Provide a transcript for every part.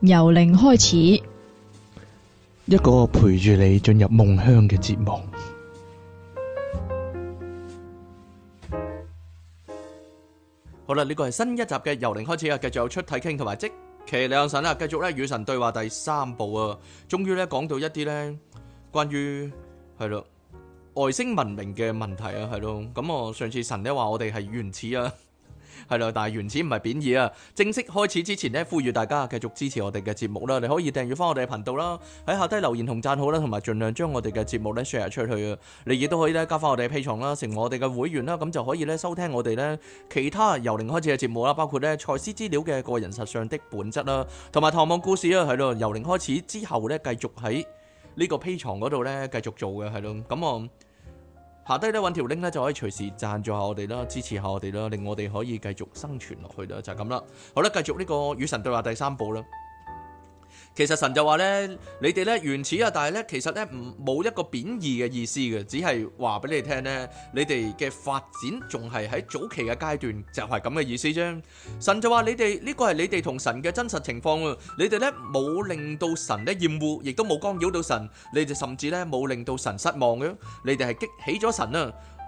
由零開始，一個陪住你進入夢鄉嘅節目。好啦，呢個係新一集嘅由零開始啊，繼續有出體傾同埋即其兩神啦，繼續咧與神對話第三部啊，終於咧講到一啲咧關於係咯外星文明嘅問題啊，係咯，咁我上次神咧話我哋係原始啊。係咯，但係原始唔係貶義啊！正式開始之前呢，呼籲大家繼續支持我哋嘅節目啦，你可以訂閱翻我哋嘅頻道啦，喺下低留言同贊好啦，同埋盡量將我哋嘅節目呢 share 出去啊！你亦都可以呢，加翻我哋嘅 Patreon 啦，成為我哋嘅會員啦，咁就可以呢，收聽我哋呢其他由零開始嘅節目啦，包括呢賽斯資料嘅個人實相的本質啦，同埋唐望故事啦，係咯，由零開始之後呢，繼續喺呢個 Patreon 嗰度呢繼續做嘅，係咯，咁啊～下低咧揾條 link 咧就可以隨時贊助下我哋啦，支持下我哋啦，令我哋可以繼續生存落去啦，就係咁啦。好啦，繼續呢個與神對話第三部啦。其實神就話咧，你哋咧原始啊，但係咧其實咧唔冇一個貶義嘅意思嘅，只係話俾你聽咧，你哋嘅發展仲係喺早期嘅階段，就係咁嘅意思啫。神就話你哋呢、呢個係你哋同神嘅真實情況啊，你哋咧冇令到神咧厭惡，亦都冇干擾到神，你哋甚至咧冇令到神失望嘅，你哋係激起咗神啊。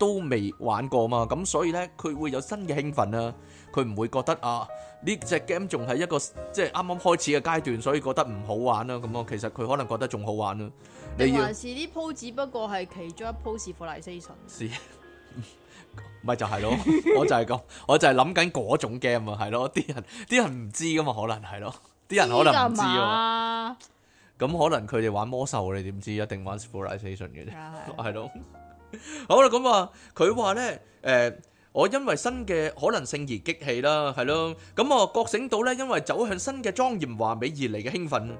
都未玩過嘛，咁所以呢佢會有新嘅興奮啊！佢唔會覺得啊呢隻 game 仲係一個即係啱啱開始嘅階段，所以覺得唔好玩啦。咁啊，其實佢可能覺得仲好玩啦。你還是呢鋪，只不過係其中一鋪是《Fortnite Station》。唔係，咪就係咯，我就係咁，我就係諗緊嗰種 game 啊，係咯，啲人啲人唔知噶嘛，可能係咯，啲人可能唔知喎。咁可能佢哋玩魔獸，你點知一定玩《Fortnite Station》嘅啫？係咯。好啦，咁話佢話呢，誒，我因為新嘅可能性而激氣啦，係咯，咁我覺醒到呢，因為走向新嘅莊嚴華美而嚟嘅興奮。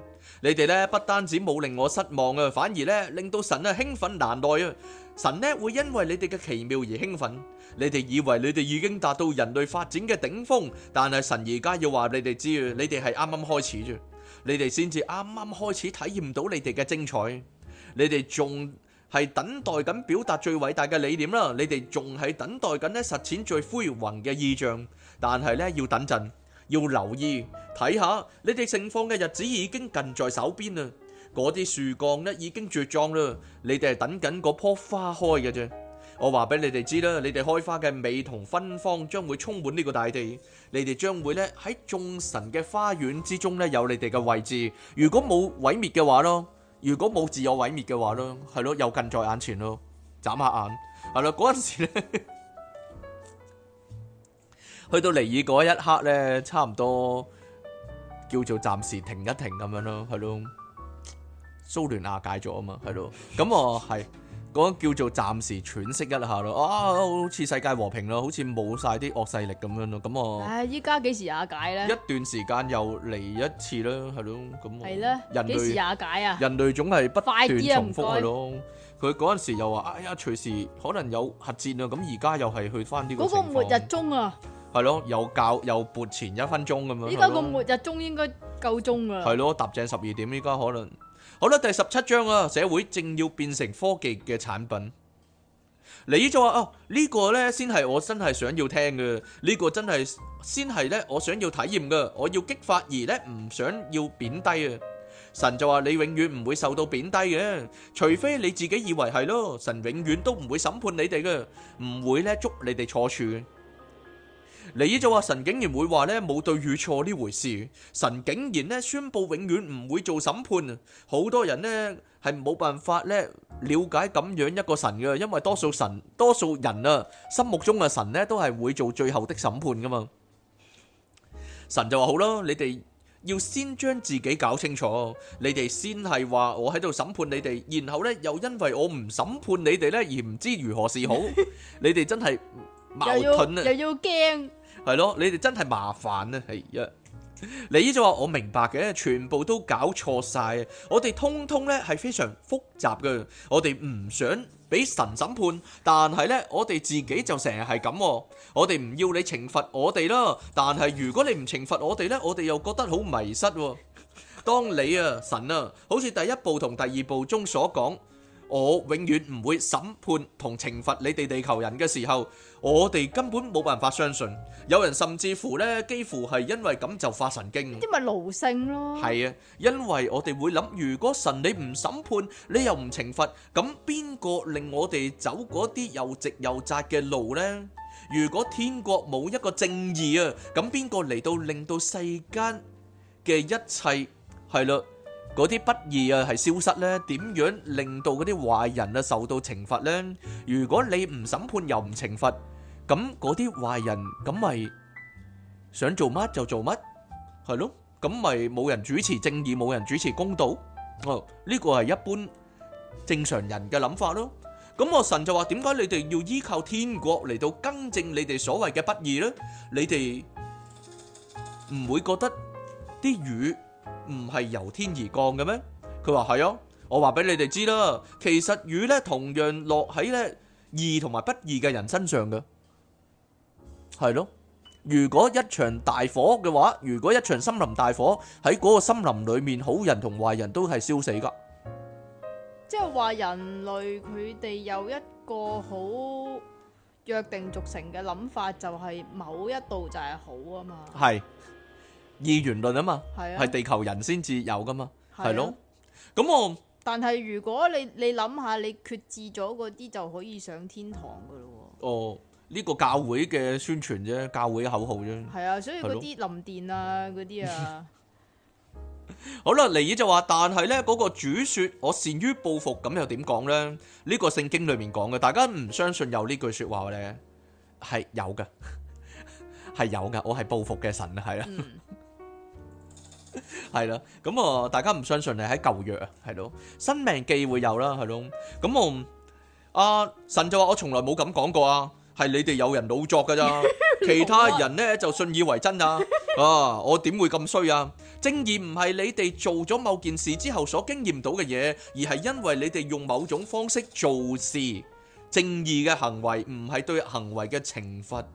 你哋呢不單止冇令我失望啊，反而呢令到神啊興奮難耐啊。神呢會因為你哋嘅奇妙而興奮。你哋以為你哋已經達到人類發展嘅頂峰，但係神而家要話你哋知，你哋係啱啱開始啫，你哋先至啱啱開始體驗到你哋嘅精彩，你哋仲。係等待緊表達最偉大嘅理念啦，你哋仲係等待緊咧實踐最輝煌嘅意象，但係咧要等陣，要留意睇下你哋盛放嘅日子已經近在手邊啦。嗰啲樹幹咧已經茁壯啦，你哋係等緊嗰棵花開嘅啫。我話俾你哋知啦，你哋開花嘅美同芬芳將會充滿呢個大地，你哋將會咧喺眾神嘅花園之中咧有你哋嘅位置。如果冇毀滅嘅話咯。如果冇自我毀滅嘅話咯，係咯，又近在眼前咯，眨下眼係啦。嗰陣時咧， 去到離異嗰一刻咧，差唔多叫做暫時停一停咁樣咯，係咯。蘇聯瓦解咗啊嘛，係咯。咁我係。 嗯嗰叫做暫時喘息一下咯，啊，好似世界和平咯，好似冇曬啲惡勢力咁樣咯，咁啊，唉，依家幾時瓦解咧？一段時間又嚟一次啦，係咯，咁，係咯，人類瓦解啊？人類總係不斷重複係咯，佢嗰陣時又話，哎呀，隨時可能有核戰啊，咁而家又係去翻啲嗰個末日鐘啊，係咯，又教又撥前一分鐘咁樣。依家個末日鐘應該夠鐘㗎啦。係咯，搭正十二點，依家可能。好啦，第十七章啊，社會正要變成科技嘅產品。你就話，呢個咧先係我真係想要聽嘅，呢個真係先係咧我想要體驗嘅，我要激發而咧唔想要貶低啊。神就話，你永遠唔會受到貶低嘅，除非你自己以為係咯。神永遠都唔會審判你哋嘅，唔會咧捉你哋錯處嘅。你就話神竟然會話呢冇對與錯呢回事，神竟然呢宣布永遠唔會做審判，好多人呢係冇辦法呢了解咁樣一個神噶因為多數神多數人啊心目中嘅神呢都係會做最後的審判噶嘛，神就話好咯，你哋要先將自己搞清楚，你哋先係話我喺度審判你哋，然後呢又因為我唔審判你哋呢而唔知如何是好，你哋真係矛盾啊，又要驚。係咯，你哋真係麻煩咧，係呀， 你依種話我明白嘅，全部都搞錯晒，我哋通通咧係非常複雜嘅，我哋唔想俾神審判，但係咧我哋自己就成日係咁，我哋唔要你懲罰我哋啦，但係如果你唔懲罰我哋咧，我哋又覺得好迷失。 當你啊神啊，好似第一部同第二部中所講，我永遠唔會審判同懲罰你哋地球人嘅時候，我哋根本冇辦法相信。有人甚至乎呢幾乎係因為咁就發神經。因為奴性咯？係啊，因為我哋會諗，如果神你唔審判，你又唔懲罰，咁邊個令我哋走嗰啲又直又窄嘅路呢？如果天國冇一個正義啊，咁邊個嚟到令到世間嘅一切係啦？嗰啲不義啊，係消失咧？點樣令到嗰啲壞人啊受到懲罰咧？如果你唔審判又唔懲罰，咁嗰啲壞人咁咪想做乜就做乜，係咯？咁咪冇人主持正義，冇人主持公道。哦，呢個係一般正常人嘅諗法咯。咁我神就話：點解你哋要依靠天國嚟到更正你哋所謂嘅不義咧？你哋唔會覺得啲魚，唔係由天而降嘅咩？佢話係啊，我話俾你哋知啦，其實雨咧同樣落喺呢義同埋不義嘅人身上嘅，係咯。如果一場大火嘅話，如果一場森林大火喺嗰個森林裏面，好人同壞人都係燒死噶。即係話人類佢哋有一個好約定俗成嘅諗法，就係某一度就係好啊嘛。係。二元論啊嘛，係、啊、地球人先至有噶嘛，係、啊、咯。咁我但係如果你你諗下，你決志咗嗰啲就可以上天堂噶咯。哦，呢、呢個教會嘅宣傳啫，教會口號啫。係啊，所以嗰啲林電啊，嗰啲啊。啊 好啦，尼爾就話，但係呢嗰、嗰個主說，我善於報復，咁又點講呢？呢、呢個聖經裏面講嘅，大家唔相信有呢句說話呢？係有噶，係 有噶，我係報復嘅神係啊。 係啦，咁啊，大家唔相信你喺舊約啊，係咯，申命記會有啦，係咯，咁我阿神就話我從來冇咁講過啊，係你哋有人老作噶咋，其他人呢就信以為真啊，啊，我點會咁衰啊？正義唔係你哋做咗某件事之後所經驗到嘅嘢，而係因為你哋用某種方式做事，正義嘅行為唔係對行為嘅懲罰，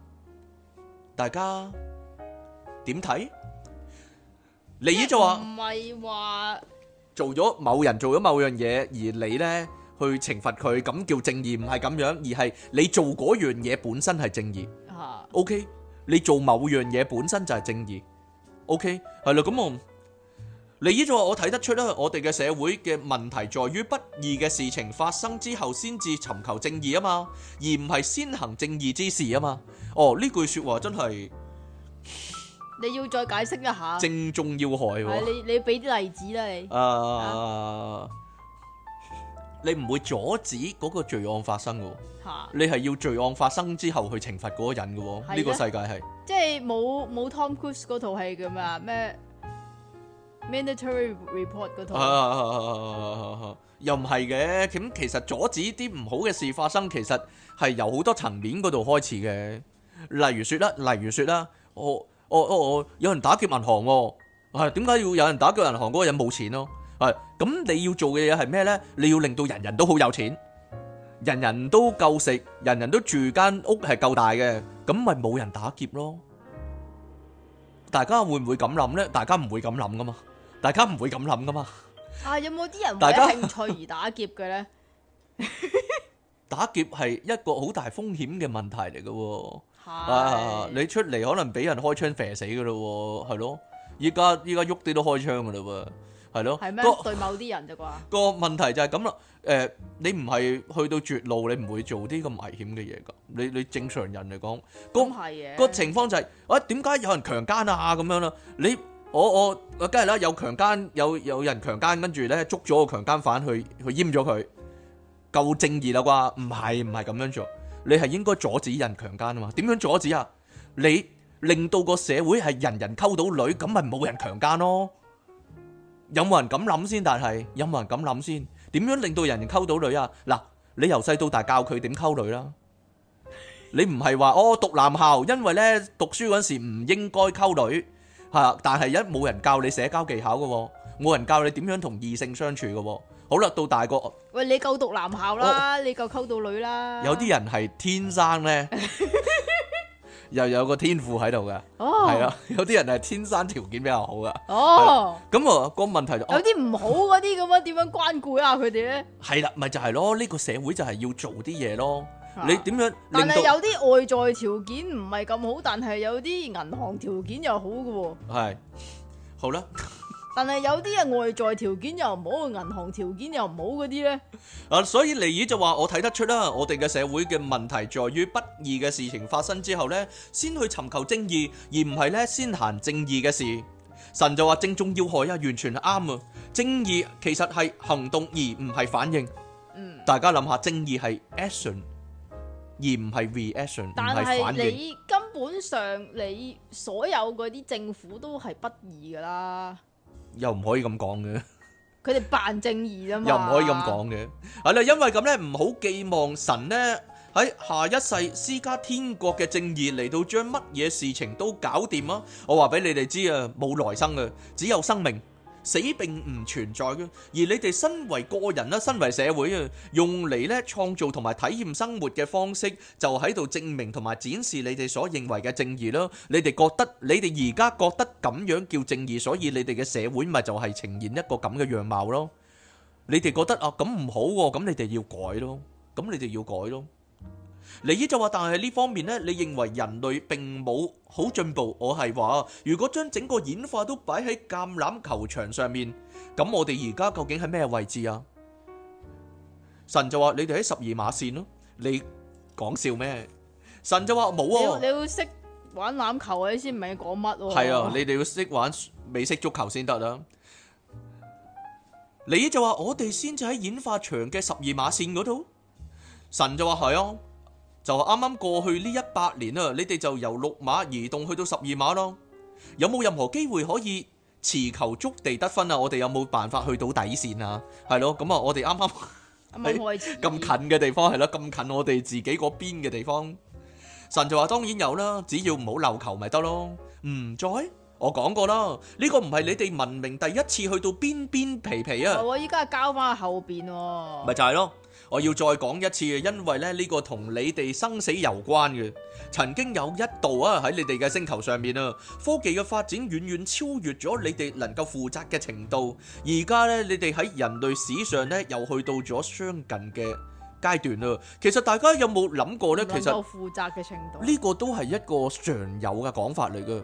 大家點睇？你依就話唔係話做咗某人做咗某樣嘢，而你呢去懲罰佢，咁叫正義唔係咁樣，而係你做嗰樣嘢本身係正義。啊，OK，你做某樣嘢本身就係正義。OK，係啦，咁我你依就話我睇得出啦，我哋嘅社會嘅問題在於不義嘅事情發生之後先至尋求正義啊嘛，而唔係先行正義之事啊嘛。哦，呢句說話真係。你要再解釋一下，正中要害喎。你，你俾啲例子啦，你。誒，你唔會阻止嗰個罪案發生嘅。吓，你係要罪案發生之後去懲罰嗰個人嘅喎，呢個世界係。即係冇冇 Tom Cruise 嗰套戲咁啊？咩 Minority Report 嗰套？又唔係嘅，咁其實阻止啲唔好嘅事發生，其實係由好多層面嗰度開始嘅。例如說啦，例如說啦，我。我我我有人打劫銀行喎，係點解要有人打劫銀行？嗰個人冇錢咯，係咁你要做嘅嘢係咩咧？你要令到人人都好有錢，人人都夠食，人人都住間屋係夠大嘅，咁咪冇人打劫咯。大家會唔會咁諗咧？大家唔會咁諗噶嘛，大家唔會咁諗噶嘛。啊，有冇啲人為咗興趣而打劫嘅咧？打劫係一個好大風險嘅問題嚟嘅。係，的你出嚟可能俾人開槍射死噶咯喎，係咯？依家依家喐啲都開槍噶啦喎，係咯？係咩嗎那對某啲人咋啩？個問題就係咁啦，誒、呃，你唔係去到絕路，你唔會做啲咁危險嘅嘢噶。你你正常人嚟講，咁係嘅。個情況就係，是啊啊，我點解有，有，有人強奸啊咁樣啦？你我我，梗係啦，有強奸，有有人強奸，跟住咧捉咗個強奸犯去去閹咗佢，夠正義啦啩？唔係唔係咁樣做。你係應該阻止人強奸啊嘛，點樣阻止啊？你令到個社會係人人溝到女，咁咪冇人強奸咯？有冇人咁諗先？但係有冇人咁諗先？點樣令到人人溝到女啊？嗱，你由細到大教佢點溝女啦。你唔係話哦，讀男校，因為呢讀書嗰時唔應該溝女嚇，但係一冇人教你社交技巧嘅喎，冇人教你點樣同異性相處嘅喎。好啦，到大個喂，你夠讀男校啦，你夠溝到女啦。有啲人係天生咧，又有個天賦喺度嘅。哦，係啦，有啲人係天生條件比較好噶。哦，咁啊個問題就有啲唔好嗰啲咁樣，點樣關顧下佢哋咧？係啦，咪就係咯，呢個社會就係要做啲嘢咯。你點樣？但係有啲外在條件唔係咁好，但係有啲銀行條件又好噶喎。係，好啦。但係有啲人外在條件又唔好，銀行條件又唔好嗰啲咧。啊，所以尼爾就話我睇得出啦，我哋嘅社會嘅問題在於不義嘅事情發生之後咧，先去尋求正義，而唔係咧先行正義嘅事。神就話正中要害啊，完全啱啊！正義其實係行動而唔係反應。嗯，大家諗下，正義係 action 而唔係 reaction，唔係反應。但係你根本上你所有嗰啲政府都係不義噶啦。又唔可以咁講嘅，佢哋扮正義吖嘛。又唔可以咁講嘅，係啦，因為咁咧，唔好寄望神咧喺下一世施加天國嘅正義嚟到將乜嘢事情都搞掂啊！我話俾你哋知啊，冇來生啊，只有生命。死並唔存在嘅，而你哋身為個人啦，身為社會啊，用嚟咧創造同埋體驗生活嘅方式，就喺度證明同埋展示你哋所認為嘅正義咯。你哋覺得，你哋而家覺得咁樣叫正義，所以你哋嘅社會咪就係呈現一個咁嘅樣，樣貌咯。你哋覺得啊，咁唔好喎，啊，咁你哋要改咯，咁你哋要改咯。李姨就話：，但係呢方面呢，你認為人類並冇好進步。我係話，如果將整個演化都擺喺橄欖球場上面，咁我哋而家究竟喺咩位置啊？神就話：，你哋喺十二碼線咯。你講笑咩？神就話：冇啊，啊，啊！你要識玩欖球啊，你先唔係講乜？係啊，你哋要識玩美式足球先得啦。李姨 就話：，我哋先至喺演化場嘅十二碼線嗰度。神就話：係啊。」就係啱啱過去呢一百年啊，你哋就由六碼移動去到十二碼咯。有冇任何機會可以持球觸地得分啊？我哋有冇辦法去到底線啊？係咯，咁啊，我哋啱啱咁近嘅地方係啦，咁近我哋自己嗰邊嘅地方，神就話，當然有啦，只要唔好漏球咪得咯。唔再，我講過啦，呢個唔係你哋文明第一次去到邊邊皮皮啊，係我依家交翻去後邊，咪就係咯。我要再講一次嘅，因為咧呢個同你哋生死有關嘅。曾經有一度啊喺你哋嘅星球上面啊，科技嘅發展遠遠超越咗你哋能夠負責嘅程度。而家咧，你哋喺人類史上咧又去到咗相近嘅階段啦。其實大家有冇諗過咧？其實負責嘅程度呢個都係一個常有嘅講法嚟嘅。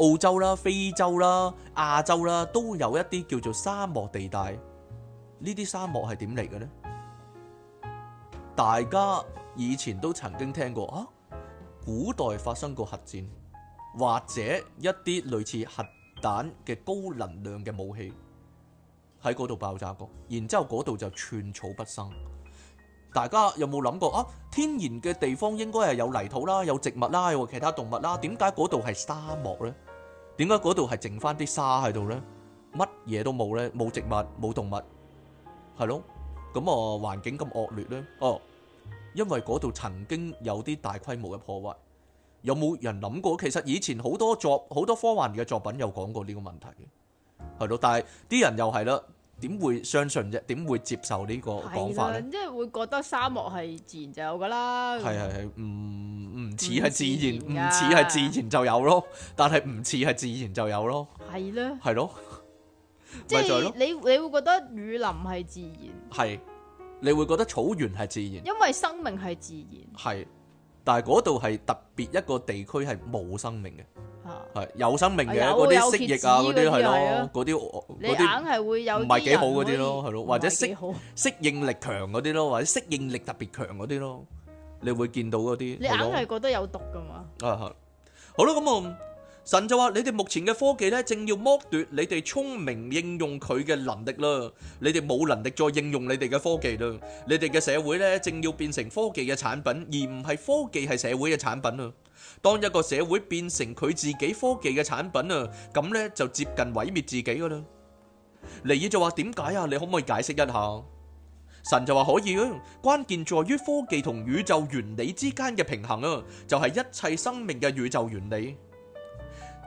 澳洲啦、非洲啦、亞洲啦，都有一啲叫做沙漠地帶。呢啲沙漠係點嚟嘅咧？大家以前都曾經聽過啊，古代發生過核戰，或者一啲類似核彈嘅高能量嘅武器喺嗰度爆炸過，然之後嗰度就寸草不生。大家有冇諗過啊？天然嘅地方應該係有泥土啦，有植物啦，有其他動物啦。點解嗰度係沙漠呢？點解嗰度係剩翻啲沙喺度呢？乜嘢都冇呢？冇植物，冇動物，係咯？咁啊、嗯，環境咁惡劣咧，哦，因為嗰度曾經有啲大規模嘅破壞，有冇人諗過？其實以前好多作、好多科幻嘅作品有講過呢個問題，係咯，但係啲人又係啦，點會相信啫？點會接受呢個講法咧？即係會覺得沙漠係自然就有噶啦，係係係，唔唔似係自然，唔似係自然就有咯，但係唔似係自然就有咯，係咧，係咯。即係你，你會覺得雨林係自然，係你會覺得草原係自然，因為生命係自然，係。但係嗰度係特別一個地區係冇生命嘅，係有生命嘅嗰啲蜥蜴啊，嗰啲係咯，嗰啲你硬係會有唔係幾好嗰啲咯，係咯，或者適適應力強嗰啲咯，或者適應力特別強嗰啲咯，你會見到嗰啲，你硬係覺得有毒㗎嘛？啊，好，好啦，咁我。神就話：你哋目前嘅科技咧，正要剝奪你哋聰明應用佢嘅能力啦。你哋冇能力再應用你哋嘅科技啦。你哋嘅社會咧，正要變成科技嘅產品，而唔係科技係社會嘅產品啦。當一個社會變成佢自己科技嘅產品啊，咁咧就接近毀滅自己噶啦。尼爾就話：點解啊？你可唔可以解釋一下？神就話：可以啊。關鍵在於科技同宇宙原理之間嘅平衡啊，就係、是、一切生命嘅宇宙原理。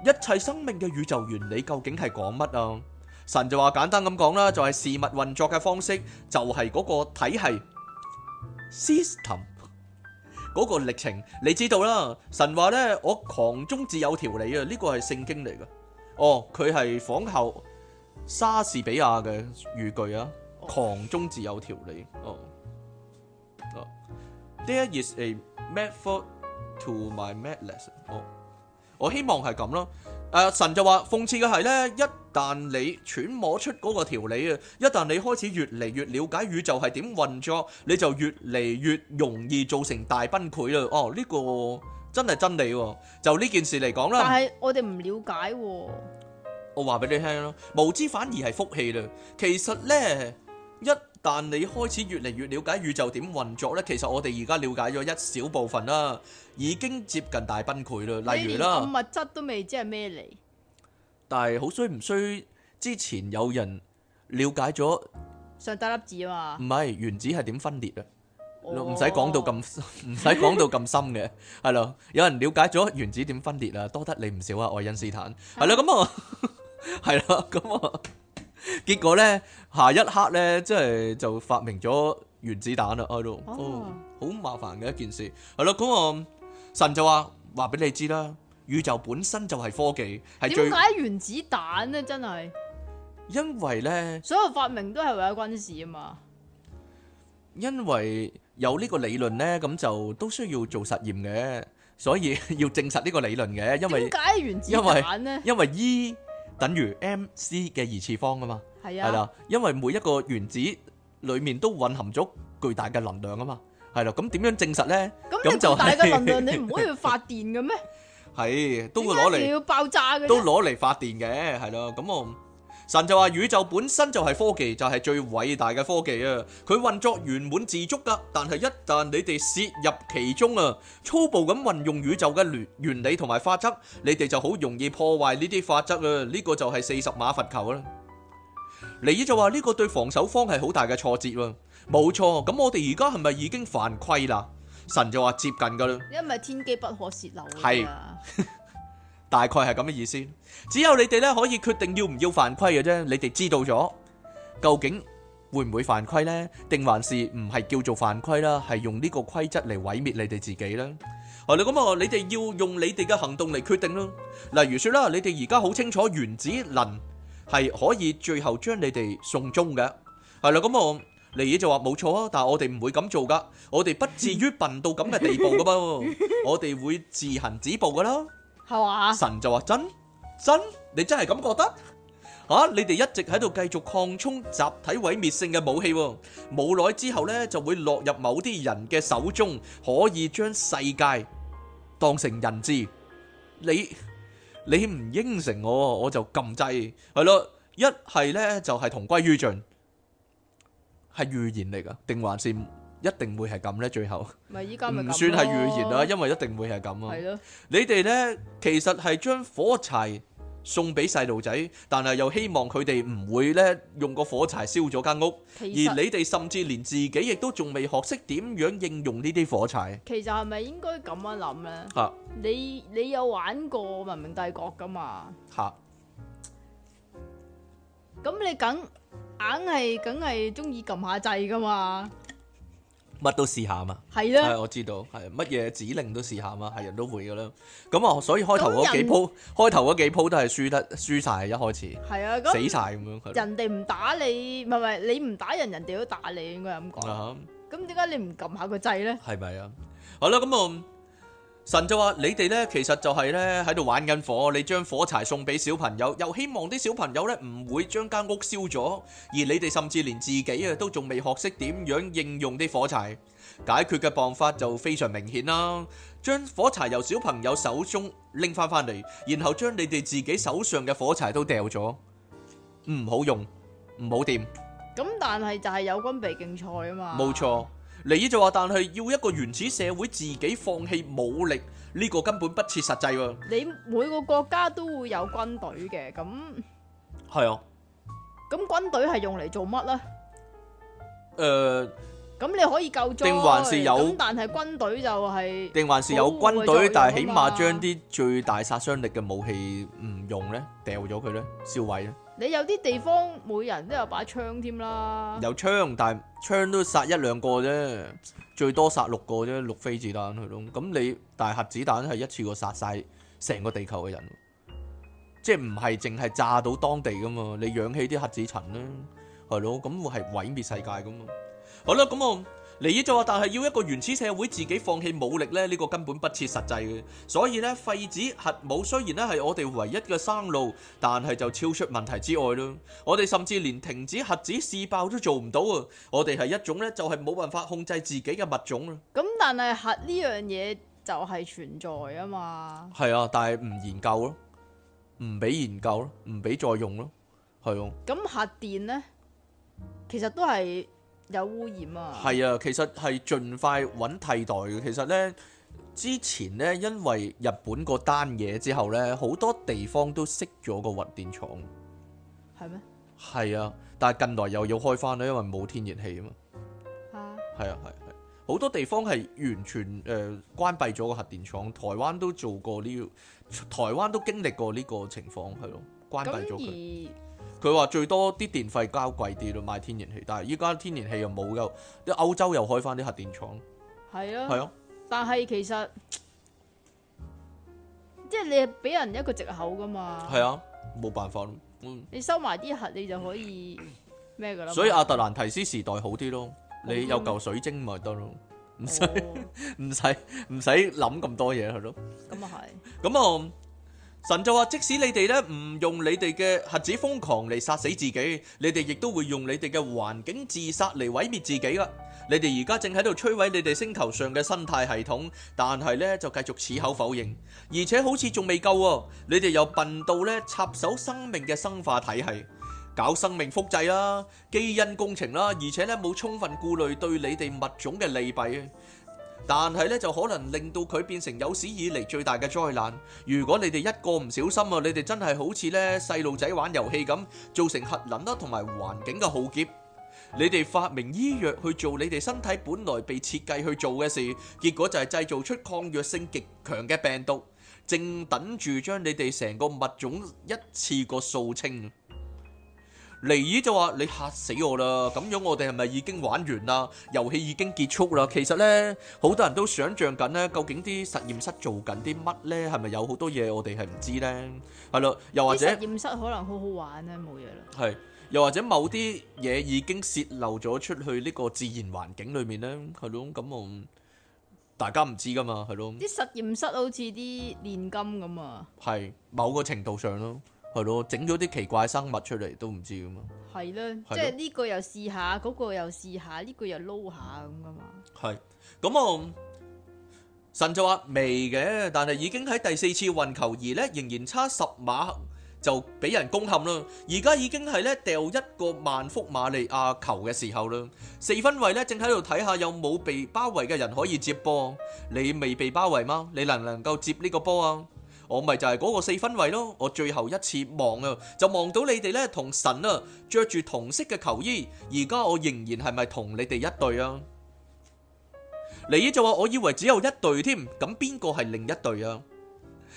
一切生命嘅宇宙原理究竟係講乜啊？神就話，簡單咁講啦，就係、是、事物運作嘅方式，就係、是、嗰個體系 system 嗰個歷程。你知道啦，神話咧，我狂中自有條理啊！呢、這個係聖經嚟噶。哦，佢係仿效莎士比亞嘅語句啊，狂中自有條理。哦，哦，there is a method to my madness、哦。我希望係咁咯，誒，神就話諷刺嘅係呢，一旦你揣摩出嗰個條理啊，一旦你開始越嚟越了解宇宙係點運作，你就越嚟越容易造成大崩潰啦。哦，呢個真係真理喎，就呢件事嚟講啦。但係我哋唔了解喎。我話俾你聽咯，無知反而係福氣啦。其實呢，一。但你開始越嚟越了解宇宙點運作呢，其實我哋而家了解咗一小部分啦，已經接近大崩潰啦。例如啦，物質都未知係咩嚟，但係好衰唔衰之前有人了解咗上大粒子啊，唔係原子係點分裂啊？唔使講到咁唔使講到咁深嘅係咯，有人了解咗原子點分裂啊？多得你唔少啊，愛因斯坦係啦，咁啊係啦，咁啊。結果咧，下一刻咧，即係就發明咗原子彈啦，阿盧哦，好麻煩嘅一件事，係咯，咁我神就話話俾你知啦，宇宙本身就係科技，係最點解原子彈咧？真係因為咧，所有發明都係為咗軍事啊嘛，因為有呢個理論咧，咁就都需要做實驗嘅，所以要證實呢個理論嘅，因為點解原子彈咧？因為因為 e。等於 M C 嘅二次方啊嘛，係啊，係啦，因為每一個原子裏面都蘊含咗巨大嘅能量啊嘛，係啦，咁點樣證實咧？咁你巨大嘅能量你唔可以去發電嘅咩？係，都會攞嚟，要爆炸嘅，都攞嚟發電嘅，係咯，咁我。神就話宇宙本身就係科技，就係、是、最偉大嘅科技啊！佢運作圓滿自足噶，但係一旦你哋涉入其中啊，粗暴咁運用宇宙嘅原原理同埋法則，你哋就好容易破壞呢啲法則啊！呢、這個就係四十碼罰球啦。尼爾就話呢個對防守方係好大嘅挫折喎。冇錯，咁我哋而家係咪已經犯規啦？神就話接近噶啦。因為天機不可泄漏係。是 大概係咁嘅意思，只有你哋咧可以決定要唔要犯規嘅啫。你哋知道咗，究竟會唔會犯規咧？定還是唔係叫做犯規啦？係用呢個規則嚟毀滅你哋自己咧？係啦，咁啊，你哋要用你哋嘅行動嚟決定囉。例如說啦，你哋而家好清楚原子能係可以最後將你哋送終嘅。係啦，咁啊，利野就話冇錯啊，但係我哋唔會咁做噶，我哋不至於笨到咁嘅地步噶噃，我哋會自行止步噶啦。係嘛？神就話真？真？你真係咁覺得？吓，你哋一直喺度繼續擴充集體毀滅性嘅武器，冇耐之後咧，就會落入某啲人嘅手中，可以將世界當成人質。你你唔應承我，我就禁制，係咯？一係咧就係同歸於盡，係預言嚟噶，定還是？一定會係咁呢，最後唔算係預言啦，因為一定會係咁咯。係咯，你哋呢其實係將火柴送俾細路仔，但係又希望佢哋唔會呢用個火柴燒咗間屋，而你哋甚至連自己亦都仲未學識點樣應用呢啲火柴。其實係咪應該咁樣諗呢？吓，你你有玩過文明帝國噶嘛？吓，咁你梗硬係梗係中意撳下掣噶嘛？乜都試下嘛，係啊係，我知道，係乜嘢指令都試下嘛，係人都會噶啦。咁啊，所以開頭嗰幾鋪，人開頭嗰幾鋪都係輸得輸晒，一開始，係啊，死晒咁樣。人哋唔打你，唔係係，你唔打人，人哋都打你，應該係咁講。咁點解你唔撳下個掣咧？係咪啊？好啦，咁、嗯、我。神就話：你哋咧，其實就係咧喺度玩緊火，你將火柴送俾小朋友，又希望啲小朋友咧唔會將間屋燒咗，而你哋甚至連自己啊都仲未學識點樣應用啲火柴，解決嘅辦法就非常明顯啦。將火柴由小朋友手中拎翻翻嚟，然後將你哋自己手上嘅火柴都掉咗，唔好用，唔好掂。咁但係就係有軍備競賽啊嘛。冇錯。你呢就話，但係要一個原始社會自己放棄武力，呢個根本不切實際喎。你每個國家都會有軍隊嘅，咁係啊。咁軍隊係用嚟做乜咧？誒，咁你可以救災。定還是有，但係軍隊就係定還是有軍隊，但係起碼將啲最大殺傷力嘅武器唔用咧，掉咗佢咧，銷毀咧。你有啲地方每人都有把槍添啦，有槍但係槍都殺一兩個啫，最多殺六個啫，六飛子彈去咯。咁你大核子彈係一次過殺晒成個地球嘅人，即係唔係淨係炸到當地噶嘛？你揚起啲核子塵啦，係咯，咁會係毀滅世界噶嘛？好啦，咁我。嚟呢就話，但係要一個原始社會自己放棄武力咧，呢個根本不切實際嘅。所以咧，廢止核武雖然咧係我哋唯一嘅生路，但係就超出問題之外咯。我哋甚至連停止核子試爆都做唔到啊！我哋係一種咧就係冇辦法控制自己嘅物種。咁但係核呢樣嘢就係存在啊嘛。係啊，但係唔研究咯，唔俾研究咯，唔俾再用咯，係啊。咁核電咧，其實都係。有污染啊！係啊，其實係盡快揾替代嘅。其實呢，之前呢，因為日本個單嘢之後呢，好多地方都熄咗個核電廠。係咩？係啊，但係近來又要開翻呢，因為冇天然氣啊嘛。啊！係啊，係係，好多地方係完全誒關閉咗個核電廠。台灣都做過呢個，台灣都經歷過呢個情況，係咯，關閉咗佢。佢話最多啲電費交貴啲咯，買天然氣，但係依家天然氣又冇㗎，啲歐洲又開翻啲核電廠。係啊，係啊，但係其實即係你俾人一個藉口噶嘛。係啊，冇辦法咯。嗯、你收埋啲核，你就可以咩噶啦？所以阿特蘭提斯時代好啲咯，你有嚿水晶咪得咯，唔使唔使唔使諗咁多嘢係咯。咁啊係。咁啊。嗯嗯神就話：即使你哋咧唔用你哋嘅核子瘋狂嚟殺死自己，你哋亦都會用你哋嘅環境自殺嚟毀滅自己啦。你哋而家正喺度摧毀你哋星球上嘅生態系統，但係咧就繼續矢口否認，而且好似仲未夠喎。你哋又笨到咧插手生命嘅生化體系，搞生命複製啦、基因工程啦，而且咧冇充分顧慮對你哋物種嘅利弊。但係咧，就可能令到佢變成有史以嚟最大嘅災難。如果你哋一個唔小心啊，你哋真係好似咧細路仔玩遊戲咁，造成核能啦，同埋環境嘅浩劫。你哋發明醫藥去做你哋身體本來被設計去做嘅事，結果就係製造出抗藥性極強嘅病毒，正等住將你哋成個物種一次過掃清。尼爾就話：你嚇死我啦！咁樣我哋係咪已經玩完啦？遊戲已經結束啦。其實呢，好多人都想像緊呢，究竟啲實驗室做緊啲乜呢？係咪有好多嘢我哋係唔知呢？係咯，又或者實驗室可能好好玩呢？冇嘢啦。係，又或者某啲嘢已經洩漏咗出去呢個自然環境裡面呢？係咯，咁、嗯、我大家唔知噶嘛，係咯。啲實驗室好似啲煉金咁啊。係，某個程度上咯。係咯，整咗啲奇怪生物出嚟都唔知㗎嘛。係啦，即係呢個又試下，嗰個又試下，呢個又撈下咁噶嘛。係，咁啊，神就話未嘅，但係已經喺第四次運球而咧，仍然差十碼就俾人攻陷啦。而家已經係咧掉一個萬福瑪利亞球嘅時候啦。四分衛咧正喺度睇下有冇被包圍嘅人可以接波。你未被包圍嗎？你能唔能夠接呢個波啊？我咪就係嗰個四分位咯，我最後一次望啊，就望到你哋呢同神啊着住同色嘅球衣，而家我仍然係咪同你哋一隊啊？你呢就話，我以為只有一隊添，咁邊個係另一隊啊？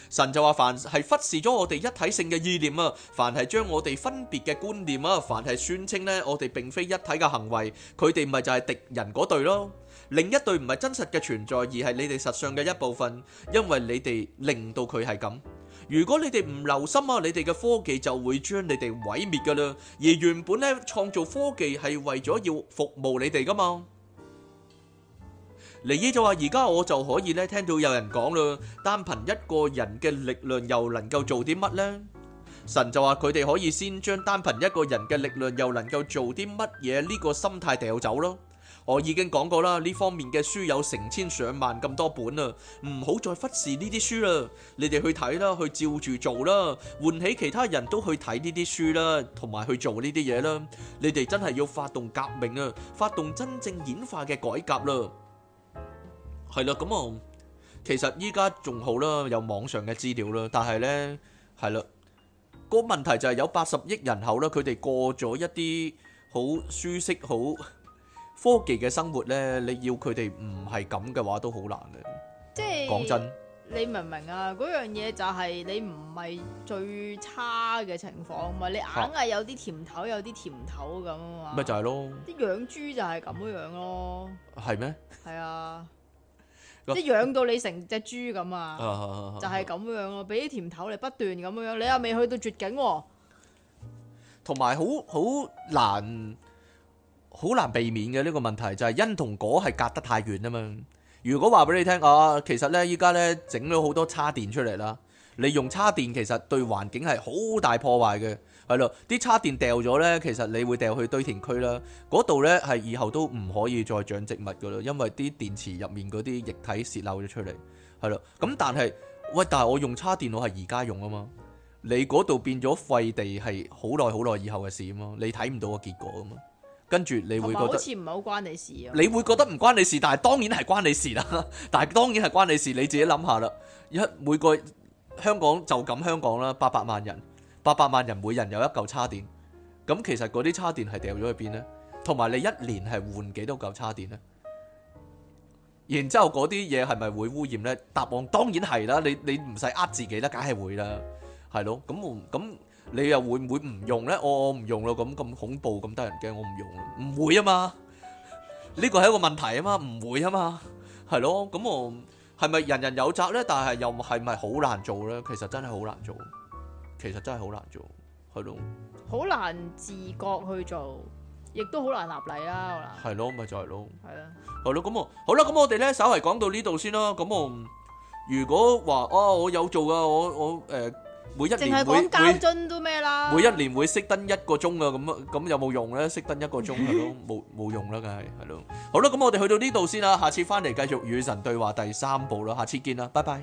神就話，凡係忽視咗我哋一體性嘅意念啊，凡係將我哋分別嘅觀念啊，凡係宣稱呢，我哋並非一體嘅行為，佢哋咪就係敵人嗰隊咯。另一對唔係真實嘅存在，而係你哋實上嘅一部分，因為你哋令到佢係咁。如果你哋唔留心啊，你哋嘅科技就會將你哋毀滅噶啦。而原本咧創造科技係為咗要服務你哋噶嘛。尼爾就話：而家我就可以咧聽到有人講啦，單憑一個人嘅力量又能夠做啲乜呢？神就話佢哋可以先將單憑一個人嘅力量又能夠做啲乜嘢呢個心態掉走咯。我已經講過啦，呢方面嘅書有成千上萬咁多本啦，唔好再忽視呢啲書啦。你哋去睇啦，去照住做啦，喚起其他人都去睇呢啲書啦，同埋去做呢啲嘢啦。你哋真係要發動革命啊，發動真正演化嘅改革啦。係啦，咁啊，其實依家仲好啦，有網上嘅資料啦，但係呢，係啦，個問題就係有八十億人口啦，佢哋過咗一啲好舒適好科技嘅生活呢，你要佢哋唔係咁嘅話都好難嘅。即係講真，你明唔明啊？嗰樣嘢就係你唔係最差嘅情況，咪你硬係有啲甜頭，有啲甜頭咁啊嘛。咪就係咯，啲養豬就係咁樣樣咯。係咩？係啊，即係養到你成隻豬咁啊，就係咁樣咯，俾啲甜頭你不斷咁樣樣，你又未去到絕境。同埋好好難。好難避免嘅，呢個問題就係因同果係隔得太遠啊嘛。如果話俾你聽啊，其實呢，依家呢，整咗好多叉電出嚟啦。你用叉電其實對環境係好大破壞嘅，係咯？啲叉電掉咗呢，其實你會掉去堆填區啦。嗰度呢，係以後都唔可以再長植物噶啦，因為啲電池入面嗰啲液體洩漏咗出嚟，係咯。咁但係喂，但係我用叉電腦係而家用啊嘛。你嗰度變咗廢地係好耐好耐以後嘅事啊嘛，你睇唔到個結果啊嘛。跟住你會覺得，唔係好似唔係好關你事啊！你會覺得唔關你事，但係當然係關你事啦。但係當然係關你事，你自己諗下啦。一每個香港就咁香港啦，八百萬人，八百萬人每人有一嚿叉電，咁其實嗰啲叉電係掉咗去邊呢？同埋你一年係換幾多嚿叉電呢？然之後嗰啲嘢係咪會污染呢？答案當然係啦。你你唔使呃自己啦，梗係會啦，係咯。咁我咁。你又會唔會唔用咧？我我唔用咯，咁咁恐怖，咁得人驚，我唔用咯，唔會啊嘛！呢個係一個問題啊嘛，唔會啊嘛，係咯。咁我係咪人人有責咧？但係又係唔係好難做咧？其實真係好難做，其實真係好難做，係咯。好難自覺去做，亦都好難立例啦。係咯，咪就係咯。係啊，係咯。咁啊，好啦，咁我哋咧，稍為講到呢度先啦。咁我如果話啊，我有做㗎，我我誒。每一年講進都咩啦，每一年會熄燈一個鐘嘅。咁啊，咁有冇用咧？熄燈一個鐘，係咯，冇冇 用啦，梗係係咯。好啦，咁我哋去到呢度先啦，下次翻嚟繼續與神對話第三部啦，下次見啦，拜拜。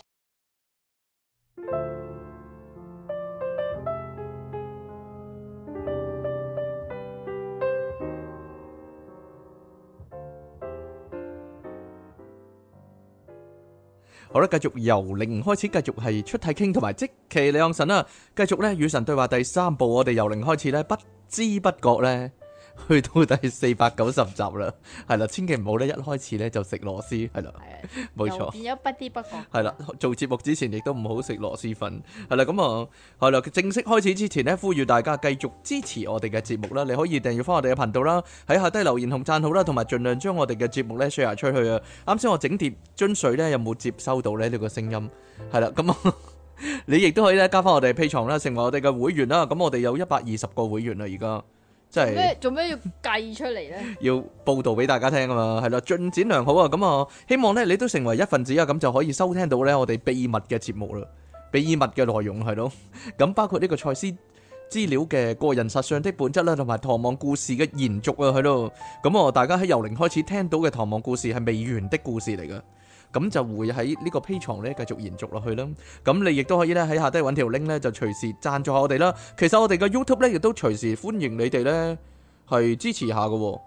好啦，繼續由零開始，繼續係出體傾，同埋即其你向神啊，繼續咧與神對話第三部，我哋由零開始咧，不知不覺咧。去到第四百九十集啦，係啦，千祈唔好咧，一開始咧就食螺絲，係啦，冇錯 錯，變咗係啦，做節目之前亦都唔好食螺絲粉，係啦， 咁啊，係啦，正式開始之前咧，呼籲大家繼續支持我哋嘅節目啦，你可以訂閱翻我哋嘅頻道啦，喺下低留言同讚好啦，同埋盡量將我哋嘅節目咧 share 出去啊！啱先我整碟樽水咧，有冇接收到呢？呢個聲音？係啦，咁啊， 你亦都可以咧加翻我哋 P 床啦，成為我哋嘅會員啦，咁我哋有一百二十個會員啦，而家。即係做咩要計出嚟呢？要報道俾大家聽啊嘛，係啦，進展良好啊，咁啊，希望咧你都成為一份子啊，咁就可以收聽到咧我哋秘密嘅節目啦，秘密嘅內容係咯，咁 包括呢個賽斯資料嘅個人實相的本質啦，同埋唐望故事嘅延續啊，喺度，咁啊，大家喺由零開始聽到嘅唐望故事係未完的故事嚟噶。咁就會喺呢個 Patreon 咧繼續延續落去啦。咁你亦都可以咧喺下低揾條 link 咧，就隨時贊助下我哋啦。其實我哋嘅 YouTube 咧亦都隨時歡迎你哋咧，係支持下嘅。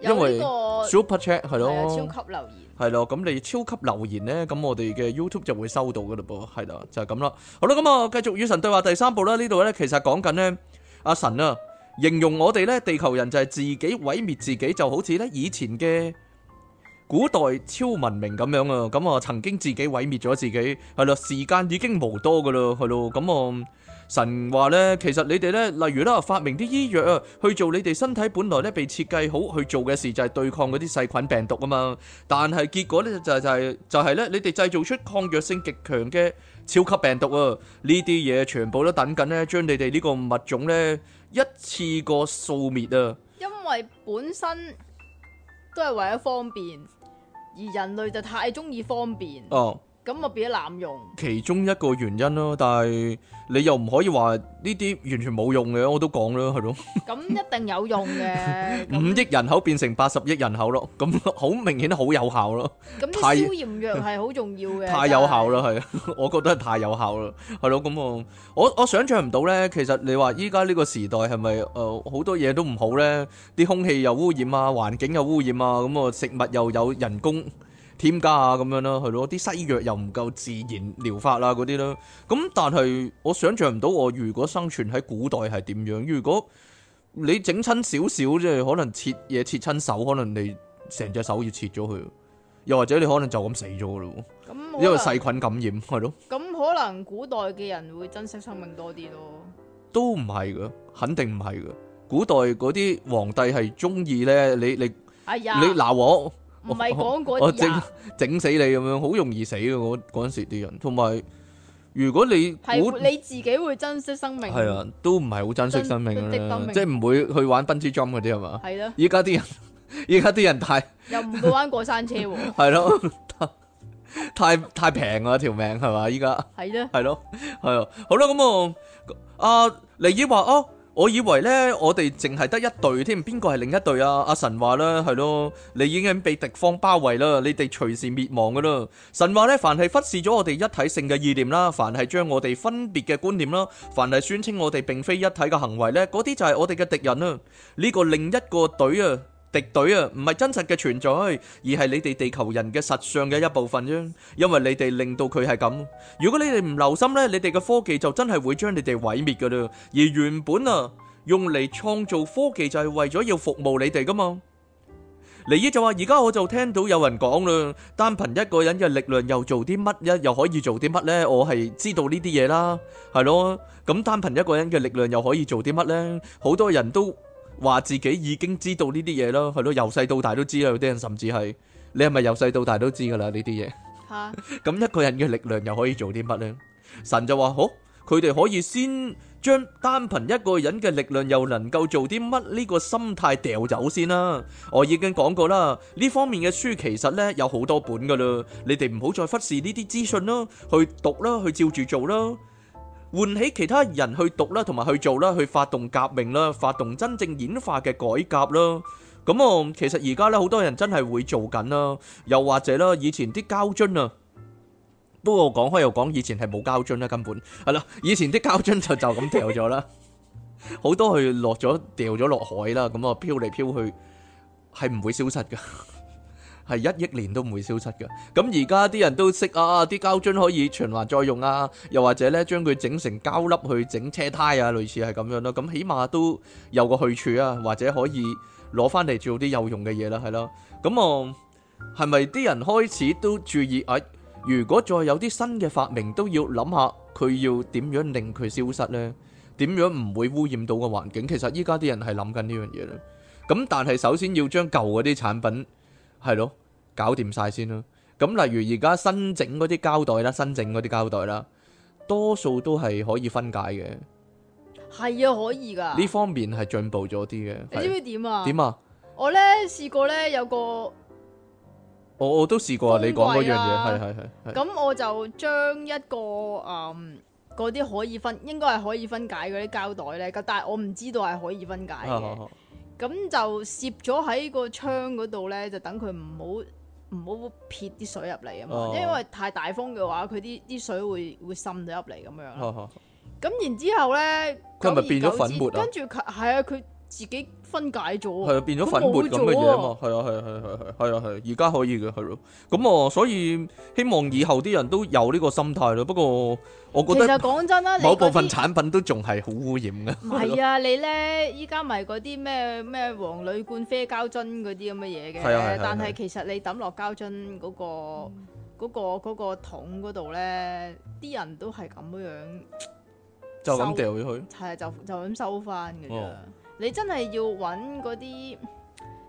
因為、這個、Super Chat 係咯，係咯，咁你超級留言咧，咁我哋嘅 YouTube 就會收到嘅嘞噃。係啦，就係咁啦。好啦，咁啊，繼續與神對話第三部啦。呢度咧其實講緊咧，阿神啊形容我哋咧地球人就係自己毀滅自己，就好似咧以前嘅。古代超文明咁樣啊，咁啊曾經自己毀滅咗自己，係咯，時間已經無多噶咯，係咯，咁啊神話咧，其實你哋咧，例如啦發明啲醫藥啊去做你哋身體本來咧被設計好去做嘅事，就係對抗嗰啲細菌病毒啊嘛，但係結果咧就係就係就係咧，你哋製造出抗藥性極強嘅超級病毒啊，呢啲嘢全部都等緊咧，將你哋呢個物種咧一次過掃滅啊，因為本身都係為咗方便。而人類就太鍾意方便。Oh. 咁啊，變咗濫用，其中一個原因咯。但係你又唔可以話呢啲完全冇用嘅，我都講啦，係咯。咁一定有用嘅。 五億人口變成八十億人口咯，咁好明顯好有效咯。咁消炎藥係好重要嘅。太，是太有效啦，係啊，我覺得係太有效啦，係咯。咁我我想象唔到咧，其實你話依家呢個時代係咪誒好多嘢都唔好咧？啲空氣又污染啊，環境又污染啊，咁啊食物又有人工。添加啊咁樣咯，係咯，啲西藥又唔夠，自然療法啦嗰啲咯。咁但係我想象唔到我如果生存喺古代係點樣。如果你整親少少即係，可能切嘢切親手，可能你成隻手要切咗佢，又或者你可能就咁死咗咯。咁因為細菌感染係咯。咁可能古代嘅人會珍惜生命多啲咯。都唔係噶，肯定唔係噶。古代嗰啲皇帝係中意咧，你你、哎、呀你拿我。唔係講嗰啲整整死你咁樣，好容易死嘅嗰嗰陣時啲人。同埋如果你你自己會珍惜生命。係啊，都唔係好珍惜生命，得得命即係唔會去玩蹦極 jump 嗰啲係嘛？係咯。依家啲人，依家啲人太又唔會玩過山車喎、啊。係咯，太太平啊條命係嘛？依家係咯，係咯的，係啊。好啦，咁啊，阿黎姨話哦。我以為呢，我哋淨係得一隊添，邊個係另一隊啊？阿神話啦，係咯，你已經被敵方包圍啦，你哋隨時滅亡噶啦。神話呢，凡係忽視咗我哋一體性嘅意念啦，凡係將我哋分別嘅觀念啦，凡係宣稱我哋並非一體嘅行為呢，嗰啲就係我哋嘅敵人啊！呢、這個另一個隊啊！敵隊啊，唔係真實嘅存在，而係你哋地球人嘅實相嘅一部分啫。因為你哋令到佢係咁。如果你哋唔留心呢，你哋嘅科技就真係會將你哋毀滅噶啦。而原本啊，用嚟創造科技就係為咗要服務你哋噶嘛。嚟呢就話：而家我就聽到有人講啦，單憑一個人嘅力量又做啲乜？一又可以做啲乜呢？我係知道呢啲嘢啦，係咯。咁單憑一個人嘅力量又可以做啲乜呢？好多人都。話自己已經知道呢啲嘢咯，係咯，由細到大都知啦。有啲人甚至係，你係咪由細到大都知噶啦呢啲嘢？吓，咁 一個人嘅力量又可以做啲乜呢？神就話好，佢哋可以先將單憑一個人嘅力量又能夠做啲乜呢個心態掉走先啦。我已經講過啦，呢方面嘅書其實呢有好多本噶啦，你哋唔好再忽視呢啲資訊咯，去讀啦，去照住做啦。喚起其他人去讀啦，同埋去做啦，去發動革命啦，發動真正演化嘅改革啦。咁啊，其實而家咧，好多人真係會做緊啦。又或者啦，以前啲膠樽啊，不過講開又講、啊嗯，以前係冇膠樽啦，根本係啦。以前啲膠樽就就咁掉咗啦，好 多佢落咗掉咗落海啦，咁啊飄嚟飄去，係唔會消失㗎。係一億年都唔會消失嘅。咁而家啲人都識啊，啲膠樽可以循環再用啊，又或者呢，將佢整成膠粒去整車胎啊，類似係咁樣咯。咁、嗯、起碼都有個去處啊，或者可以攞翻嚟做啲有用嘅嘢啦，係咯。咁、嗯、啊，係咪啲人開始都注意？啊、哎，如果再有啲新嘅發明，都要諗下佢要點樣令佢消失呢？點樣唔會污染到個環境？其實依家啲人係諗緊呢樣嘢咯。咁、嗯、但係首先要將舊嗰啲產品。係咯，搞掂晒先咯。咁，嗯，例如而家新整嗰啲膠袋啦，新整嗰啲膠袋啦，多數都係可以分解嘅。係啊，可以噶。呢方面係進步咗啲嘅。你知唔知點啊？點啊？我咧試過咧，有個我我都試過啊。你講嗰樣嘢，係係係。咁我就將一個誒嗰啲可以分，應該係可以分解嗰啲膠袋咧。但係我唔知道係可以分解。咁就攝咗喺個窗嗰度咧，就等佢唔好唔好撇啲水入嚟啊嘛，哦、因為太大風嘅話，佢啲啲水會會滲咗入嚟咁樣咯。咁、哦哦、然之後咧，佢係咪變咗粉末？跟住佢係啊，佢。自己分解咗啊，係啊，變咗粉末咁嘅嘢啊嘛，係啊，係係係係，係啊係，而家可以嘅係咯，咁啊，所以希望以後啲人都有呢個心態咯。不過我覺得，其實講真啦，某部分產品都仲係好污染嘅。係啊，你咧依家咪嗰啲咩咩黃鋁罐啡膠樽嗰啲咁嘅嘢嘅，但係其實你抌落膠樽嗰個嗰個嗰個桶嗰度咧，啲人都係咁樣樣，就咁掉咗佢去，係就就咁收翻嘅啫。你真係要揾嗰啲，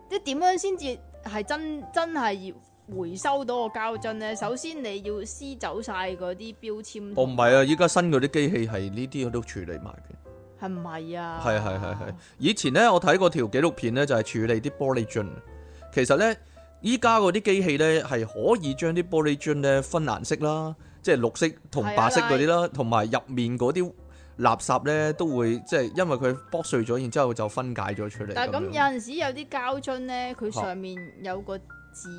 即係點樣先至係真真係要回收到個膠樽咧？首先你要撕走晒嗰啲標籤。哦，唔係啊，依家新嗰啲機器係呢啲都處理埋嘅。係唔係啊？係係係係。以前咧，我睇過條紀錄片咧，就係處理啲玻璃樽。其實咧，依家嗰啲機器咧係可以將啲玻璃樽咧分顏色啦，即係綠色同白色嗰啲啦，同埋入面嗰啲。垃圾咧都會，即係因為佢剝碎咗，然之後就分解咗出嚟。但係咁有陣時有啲膠樽咧，佢上面有個指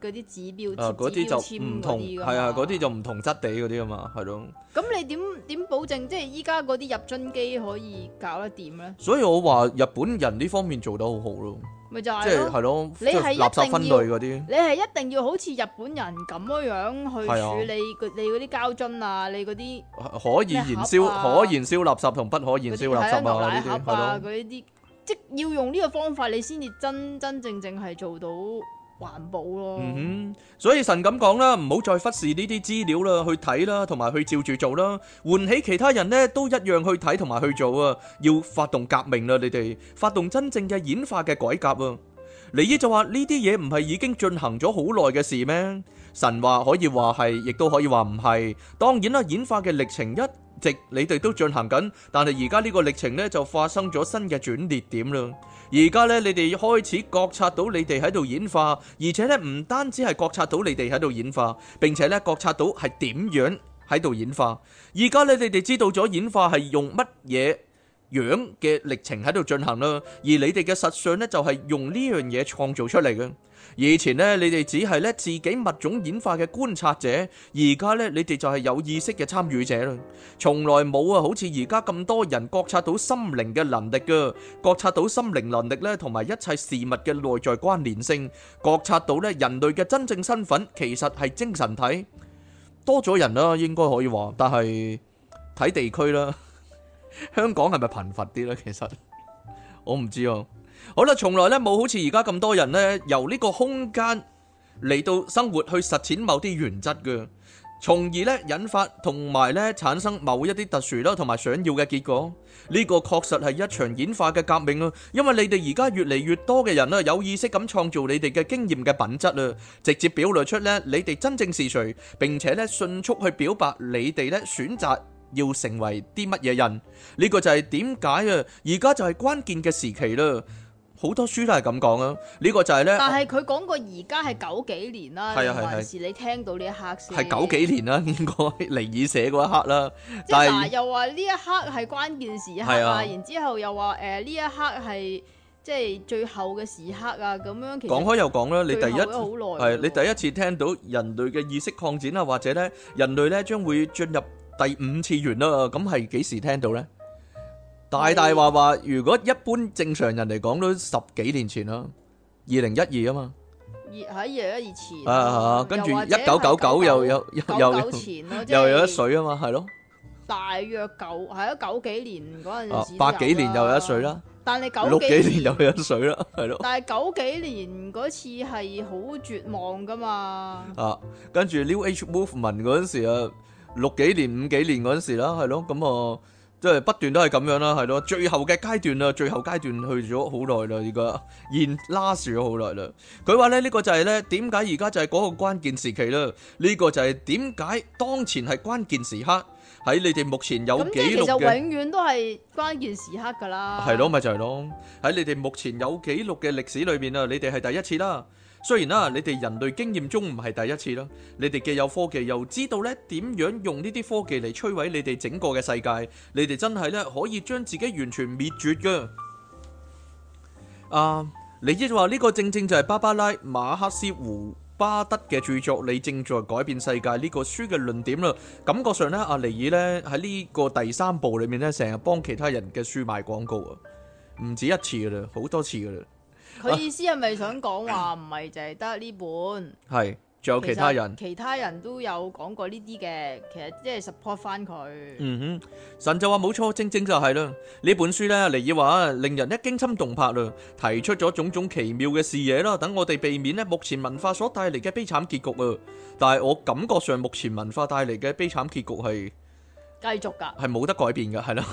嗰啲指標啲就唔同啲，係啊，嗰啲、呃、就唔同質地嗰啲啊嘛，係咯、啊。咁你點點保證即係依家嗰啲入樽機可以搞得掂咧？所以我話日本人呢方面做得好好咯。咪就係、係、咯，你係一定要，你係一定要好似日本人咁樣樣去處理、啊、你嗰啲膠樽啊，你嗰啲、啊、可以燃燒、可燃燒垃圾同不可燃燒垃圾啊，嗰啲、啊，係咯些，啲、啊，即、就係、要用呢個方法你，你先至真真正正係做到。環保咯，嗯哼，所以神咁講啦，唔好再忽視呢啲資料啦，去睇啦，同埋去照住做啦，喚起其他人呢都一樣去睇同埋去做啊，要發動革命啦，你哋發動真正嘅演化嘅改革啊！尼爾就話呢啲嘢唔係已經進行咗好耐嘅事咩？神話可以話係，亦都可以話唔係，當然啦，演化嘅歷程一。直你哋都進行緊，但係而家呢個歷程呢，就發生咗新嘅轉捩點啦。而家呢，你哋開始覺察到你哋喺度演化，而且呢，唔單止係覺察到你哋喺度演化，並且呢，覺察到係點樣喺度演化。而家呢，你哋知道咗演化係用乜嘢樣嘅歷程喺度進行啦，而你哋嘅實相呢，就係用呢樣嘢創造出嚟嘅。以前呢，你哋只係呢，自己物種演化嘅觀察者，而家呢，你哋就係有意識嘅參與者啦。從來冇啊，好似而家咁多人覺察到心靈嘅能力噶，覺察到心靈能力呢，同埋一切事物嘅內在關聯性，覺察到呢，人類嘅真正身份其實係精神體。多咗人啦，應該可以話，但係睇地區啦。香港係咪貧乏啲咧？其實我唔知啊。好啦，從來咧冇好似而家咁多人咧，由呢個空間嚟到生活去實踐某啲原則嘅，從而咧引發同埋咧產生某一啲特殊啦，同埋想要嘅結果。呢個確實係一場演化嘅革命啊！因為你哋而家越嚟越多嘅人咧，有意識咁創造你哋嘅經驗嘅品質啊，直接表露出咧你哋真正是誰，並且咧迅速去表白你哋咧選擇。要成為啲乜嘢人？呢個就係點解啊？而家就係關鍵嘅時期啦，好多書都係咁講啊。呢個就係咧。但係佢講過，而家係九幾年啦，還是你聽到呢一刻先？係九幾年啦，應該尼爾寫嗰一刻啦。即係嗱，又話呢一刻係關鍵時刻啊，然之後又話誒呢一刻係即係最後嘅時刻啊，咁樣。其實講開又講啦，你第一係你第一次聽到人類嘅意識擴展啊，或者咧人類咧將會進入。第五次元啦，咁係幾時聽到咧？大大話話，如果一般正常人嚟講都十幾年前啦，二零一二啊嘛，二喺二零一二前啊，跟住，一九九九又有九九前咯，即係又有一水啊嘛，係咯，大約九係啊九幾年嗰陣，啊，八幾年又有一水啦，但係九六幾年又有一水啦，係咯，但係九幾年嗰次係好絕望噶嘛，啊，跟住 New Age Movement 嗰陣時啊。六幾年，五幾年嗰陣時啦，係咯，咁啊，即係不斷都係咁樣啦，係咯，最後嘅階段啦，最後階段去咗好耐啦，而家現在拉住咗好耐啦。佢話咧呢個就係咧點解而家就係嗰個關鍵時期啦，呢個就係點解當前係關鍵時刻，喺你哋目前有記錄嘅，永遠都係關鍵時刻噶啦。係咯，咪就係咯，喺你哋目前有記錄嘅歷史裏邊啊，你哋係第一次啦。雖然啦、啊，你哋人類經驗中唔係第一次啦，你哋既有科技又知道咧點樣用呢啲科技嚟摧毀你哋整個嘅世界，你哋真係咧可以將自己完全滅絕噶。啊，李易話呢個正正就係芭芭拉馬克思胡巴德嘅著作《你正在改變世界》呢、這個書嘅論點啦。感覺上咧，阿、啊、尼爾咧喺呢個第三部裏面咧，成日幫其他人嘅書賣廣告啊，唔止一次噶啦，好多次噶啦。佢意思係咪想講話唔係淨係得呢本？係，仲有其他人，其、其他人都有講過呢啲嘅，其實即係 support 翻佢。嗯哼，神就話冇錯，正正就係啦。呢本書呢，尼爾話令人一驚心動魄啦，提出咗種種奇妙嘅視野啦，等我哋避免呢目前文化所帶嚟嘅悲慘結局啊。但係我感覺上目前文化帶嚟嘅悲慘結局係繼續噶，係冇得改變噶，係咯。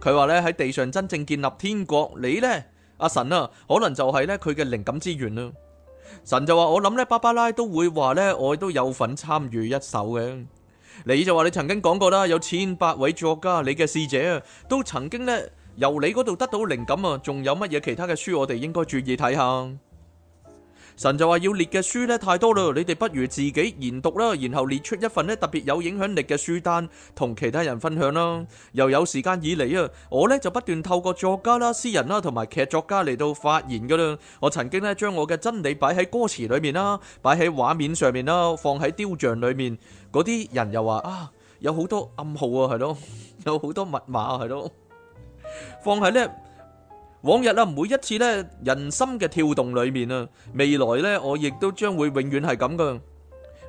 佢 話呢，喺地上真正建立天國，你呢？阿神啊，可能就係咧佢嘅靈感之源啦。神就話我諗咧，芭芭拉都會話咧，我都有份參與一手嘅。你就話你曾經講過啦，有千百位作家，你嘅使者，啊，都曾經咧由你嗰度得到靈感啊。仲有乜嘢其他嘅書我哋應該注意睇下？神就話，要列嘅書咧太多啦，你哋不如自己研讀啦，然後列出一份咧特別有影響力嘅書單，同其他人分享啦。又有時間以嚟啊，我呢就不斷透過作家啦、詩人啦同埋劇作家嚟到發言噶啦。我曾經咧將我嘅真理擺喺歌詞裏面啦，擺喺畫面上面啦，放喺雕像裏面。嗰啲人又話啊，有好多暗號啊，係咯，有好多密碼啊，係咯，放喺呢。往日啦，每一次咧，人心嘅跳動裏面啊，未來咧，我亦都將會永遠係咁噶。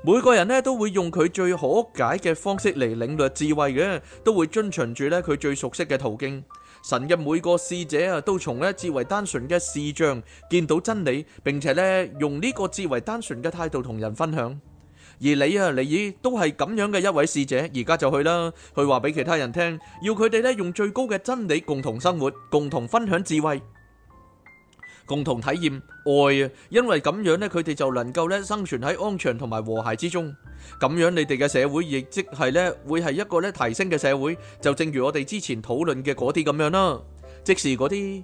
每個人咧都會用佢最可解嘅方式嚟領略智慧嘅，都會遵循住咧佢最熟悉嘅途徑。神嘅每個使者啊，都從咧至為單純嘅視像見到真理，並且咧用呢個至為單純嘅態度同人分享。而你啊，尼爾都係咁樣嘅一位使者，而家就去啦，去話俾其他人聽，要佢哋咧用最高嘅真理共同生活，共同分享智慧，共同體驗愛啊。因為咁樣咧，佢哋就能夠咧生存喺安全同埋和諧之中。咁樣你哋嘅社會亦即係咧會係一個咧提升嘅社會，就正如我哋之前討論嘅嗰啲咁樣啦，即是嗰啲。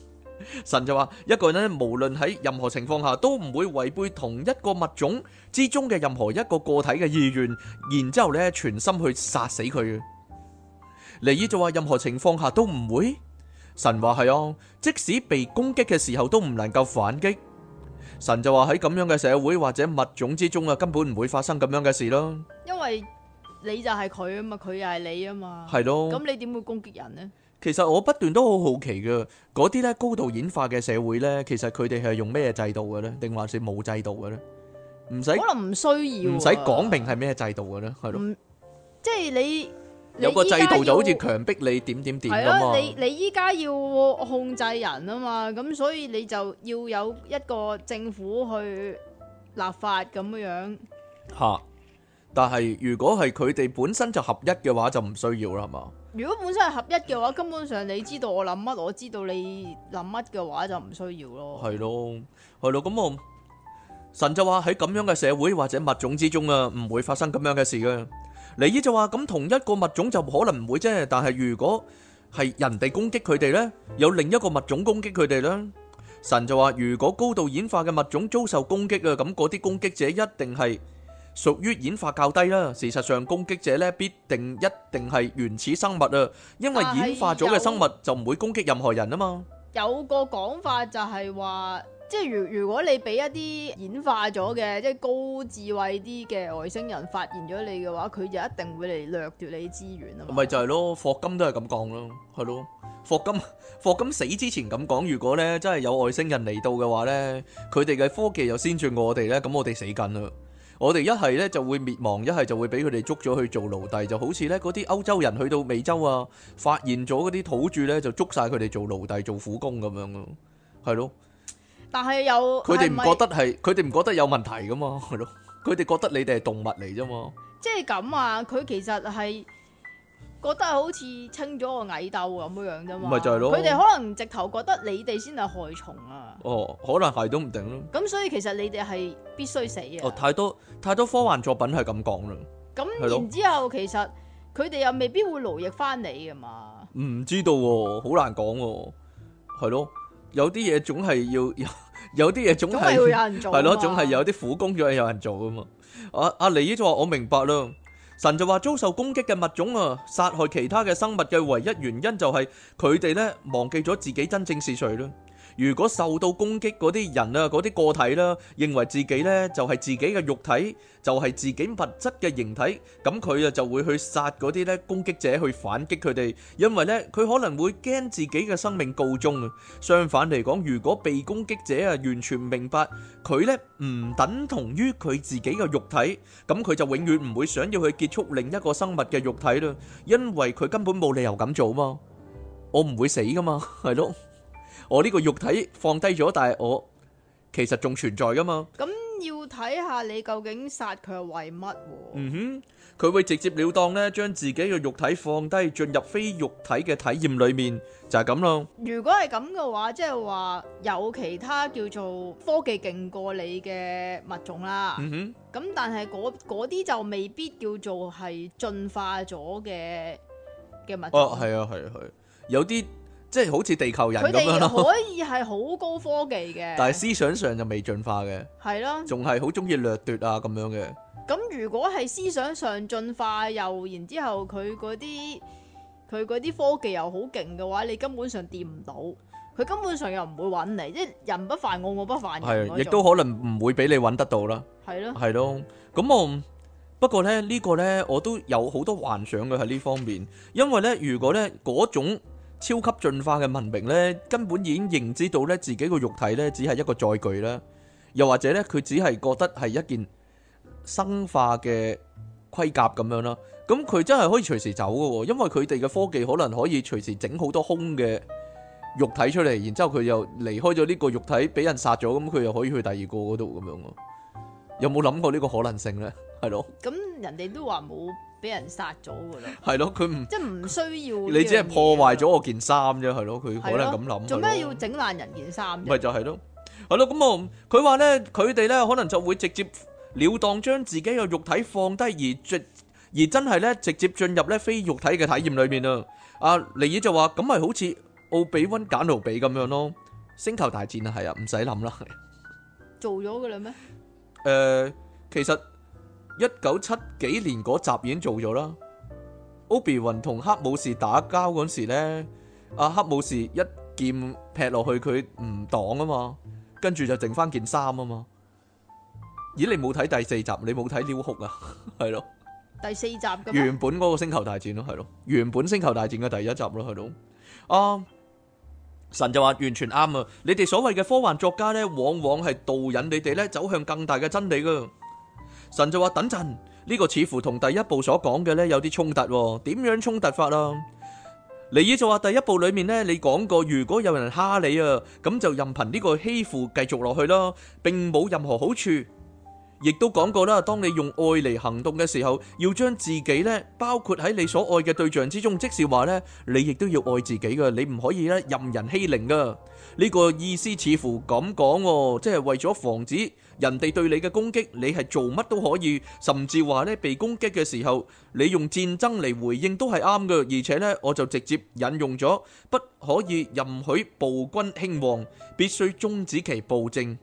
神就話一個人，無論喺任何情況下都唔會違背同一個物種之中嘅任何一個個體嘅意願，然之後你咧全心去殺死佢。尼爾就話任何情況下都唔會，神話係哦，即使被攻擊嘅時候都唔能夠反擊。神就話喺咁樣嘅社會或者物種之中啊，根本唔會發生咁樣嘅事咯。因為你就係佢啊嘛，佢又係你啊嘛，係咯，咁你點會攻擊人呢？其實我不斷都好好奇嘅，嗰啲咧高度演化嘅社會咧，其實佢哋係用咩制度嘅咧？定還是冇制度嘅咧？唔使可能唔需要，唔使講明係咩制度嘅咧，係咯？即係你有個制度就好似強迫你點點點係啊！你你依家要控制人啊嘛，咁所以你就要有一個政府去立法咁樣樣。吓！但係如果係佢哋本身就合一嘅話，就唔需要啦，係嘛？如果本身係合一嘅話，根本上你知道我諗乜，我知道你諗乜嘅話，就唔需要咯。係咯，係咯，咁我神就話喺咁樣嘅社會或者物種之中啊，唔會發生咁樣嘅事嘅。尼依就話咁同一個物種就可能唔會啫，但係如果係人哋攻擊佢哋呢，有另一個物種攻擊佢哋呢，神就話如果高度演化嘅物種遭受攻擊啊，咁嗰啲攻擊者一定係。屬於演化較低啦。事實上，攻擊者咧必定一定係原始生物啊，因為演化咗嘅生物就唔會攻擊任何人啊嘛。有個講法就係話，即係如如果你俾一啲演化咗嘅即係高智慧啲嘅外星人發現咗你嘅話，佢就一定會嚟掠奪你資源啊嘛。咪就係咯，霍金都係咁講咯，係咯，霍金霍金死之前咁講，如果咧真係有外星人嚟到嘅話咧，佢哋嘅科技又先進過我哋咧，咁我哋死緊啊！我哋一係咧就會滅亡，一係就會俾佢哋捉咗去做奴隸，就好似咧嗰啲歐洲人去到美洲啊，發現咗嗰啲土著咧就捉晒佢哋做奴隸、做苦工咁樣咯，係咯。但係有佢哋唔覺得係，佢哋唔覺得有問題㗎嘛，係咯。佢哋覺得你哋係動物嚟啫嘛。即係咁啊！佢其實係。覺得好似清咗個蟻竇咁樣樣啫嘛，咪就係囉，佢哋可能直頭覺得你哋先係害蟲啊。哦，可能係都唔定咯。咁所以其實你哋係必須死嘅。哦，太多太多科幻作品係咁講啦。咁、嗯、的然之後，其實佢哋又未必會勞役翻你噶嘛。唔知道、啊，好難講、啊，係咯？有啲嘢總係要，有啲嘢總係會有人做係咯，總係有啲苦工仲係有人做噶嘛。阿阿、啊啊、李姨就話：我明白啦。神就話遭受攻擊嘅物種啊，殺害其他嘅生物嘅唯一原因就係佢哋咧忘記咗自己真正是誰啦。如果受到攻擊嗰啲人啊，嗰啲個體啦，認為自己呢就係自己嘅肉體，就係自己物質嘅形體，咁佢啊就會去殺嗰啲呢攻擊者去反擊佢哋，因為呢佢可能會驚自己嘅生命告終啊。相反嚟講，如果被攻擊者啊完全明白佢呢唔等同於佢自己嘅肉體，咁佢就永遠唔會想要去結束另一個生物嘅肉體啦，因為佢根本冇理由咁做嘛，我唔會死㗎嘛，係咯。我呢個肉體放低咗，但係我其實仲存在噶嘛？咁要睇下你究竟殺佢為乜？嗯哼，佢會直接了當咧，將自己嘅肉體放低，進入非肉體嘅體驗裏面，就係咁咯。如果係咁嘅話，即係話有其他叫做科技勁過你嘅物種啦。嗯哼，咁但係嗰啲就未必叫做係進化咗嘅嘅物種。哦，係啊，係啊，係啊，有啲。即係好似地球人佢哋可以係好高科技嘅，但係思想上就未進化嘅，係咯 的，仲係好中意掠奪啊咁樣嘅。咁如果係思想上進化又，然之後佢嗰啲佢啲科技又好勁嘅話，你根本上掂唔到，佢根本上又唔會搵你，即係人不犯我，我不犯人，亦都可能唔會俾你搵得到啦。係咯的，係咯。咁我不過咧呢、呢個呢，我都有好多幻想嘅喺呢方面，因為呢，如果呢嗰種。超級進化嘅文明呢，根本已經認知到呢自己個肉體呢只係一個載具啦。又或者呢，佢只係覺得係一件生化嘅盔甲咁樣咯。咁佢真係可以隨時走㗎喎，因為佢哋嘅科技可能可以隨時整好多空嘅肉體出嚟。然之後佢又離開咗呢個肉體，俾人殺咗，咁佢又可以去第二個嗰度咁樣。有冇諗過呢個可能性呢？係咯。咁人哋都話冇。俾人殺咗噶啦，係咯，佢唔即係唔需要。你只係破壞咗我件衫啫，係咯，佢可能咁諗。做咩要整爛人件衫？咪就係咯，係咯，咁我佢話咧，佢哋咧可能就會直接了當將自己嘅肉體放低，而而真係咧直接進入咧非肉體嘅體驗裏面啊！阿尼爾就話：咁咪好似奧比溫簡奴比咁樣咯，星球大戰啊，係啊，唔使諗啦，做咗噶啦咩？誒，其實。一九七幾年嗰集已經做咗啦。Obi Wan 同黑武士打交嗰時咧，阿黑武士一劍劈落去，佢唔擋啊嘛，跟住就剩翻件衫啊嘛。咦？你冇睇第四集？你冇睇撩哭啊？係咯，第四集噶。原本嗰個星球大戰咯，係咯，原本星球大戰嘅第一集咯，係咯。啊，神就話完全啱啊！你哋所謂嘅科幻作家咧，往往係導引你哋咧走向更大嘅真理噶。神就話：等陣，呢個似乎同第一步所講嘅咧有啲衝突，點樣衝突法啊？尼爾就話：第一步裏面咧，你講過如果有人蝦你啊，咁就任憑呢個欺負繼續落去囉，並冇任何好處。亦都講過啦，當你用愛嚟行動嘅時候，要將自己咧包括喺你所愛嘅對象之中，即是話咧，你亦都要愛自己噶，你唔可以咧任人欺凌噶。呢個意思似乎咁講，即係為咗防止。人哋對你嘅攻擊，你係做乜都可以，甚至話呢，被攻擊嘅時候，你用戰爭嚟回應都係啱嘅。而且呢，我就直接引用咗，不可以任許暴君興旺，必須終止其暴政。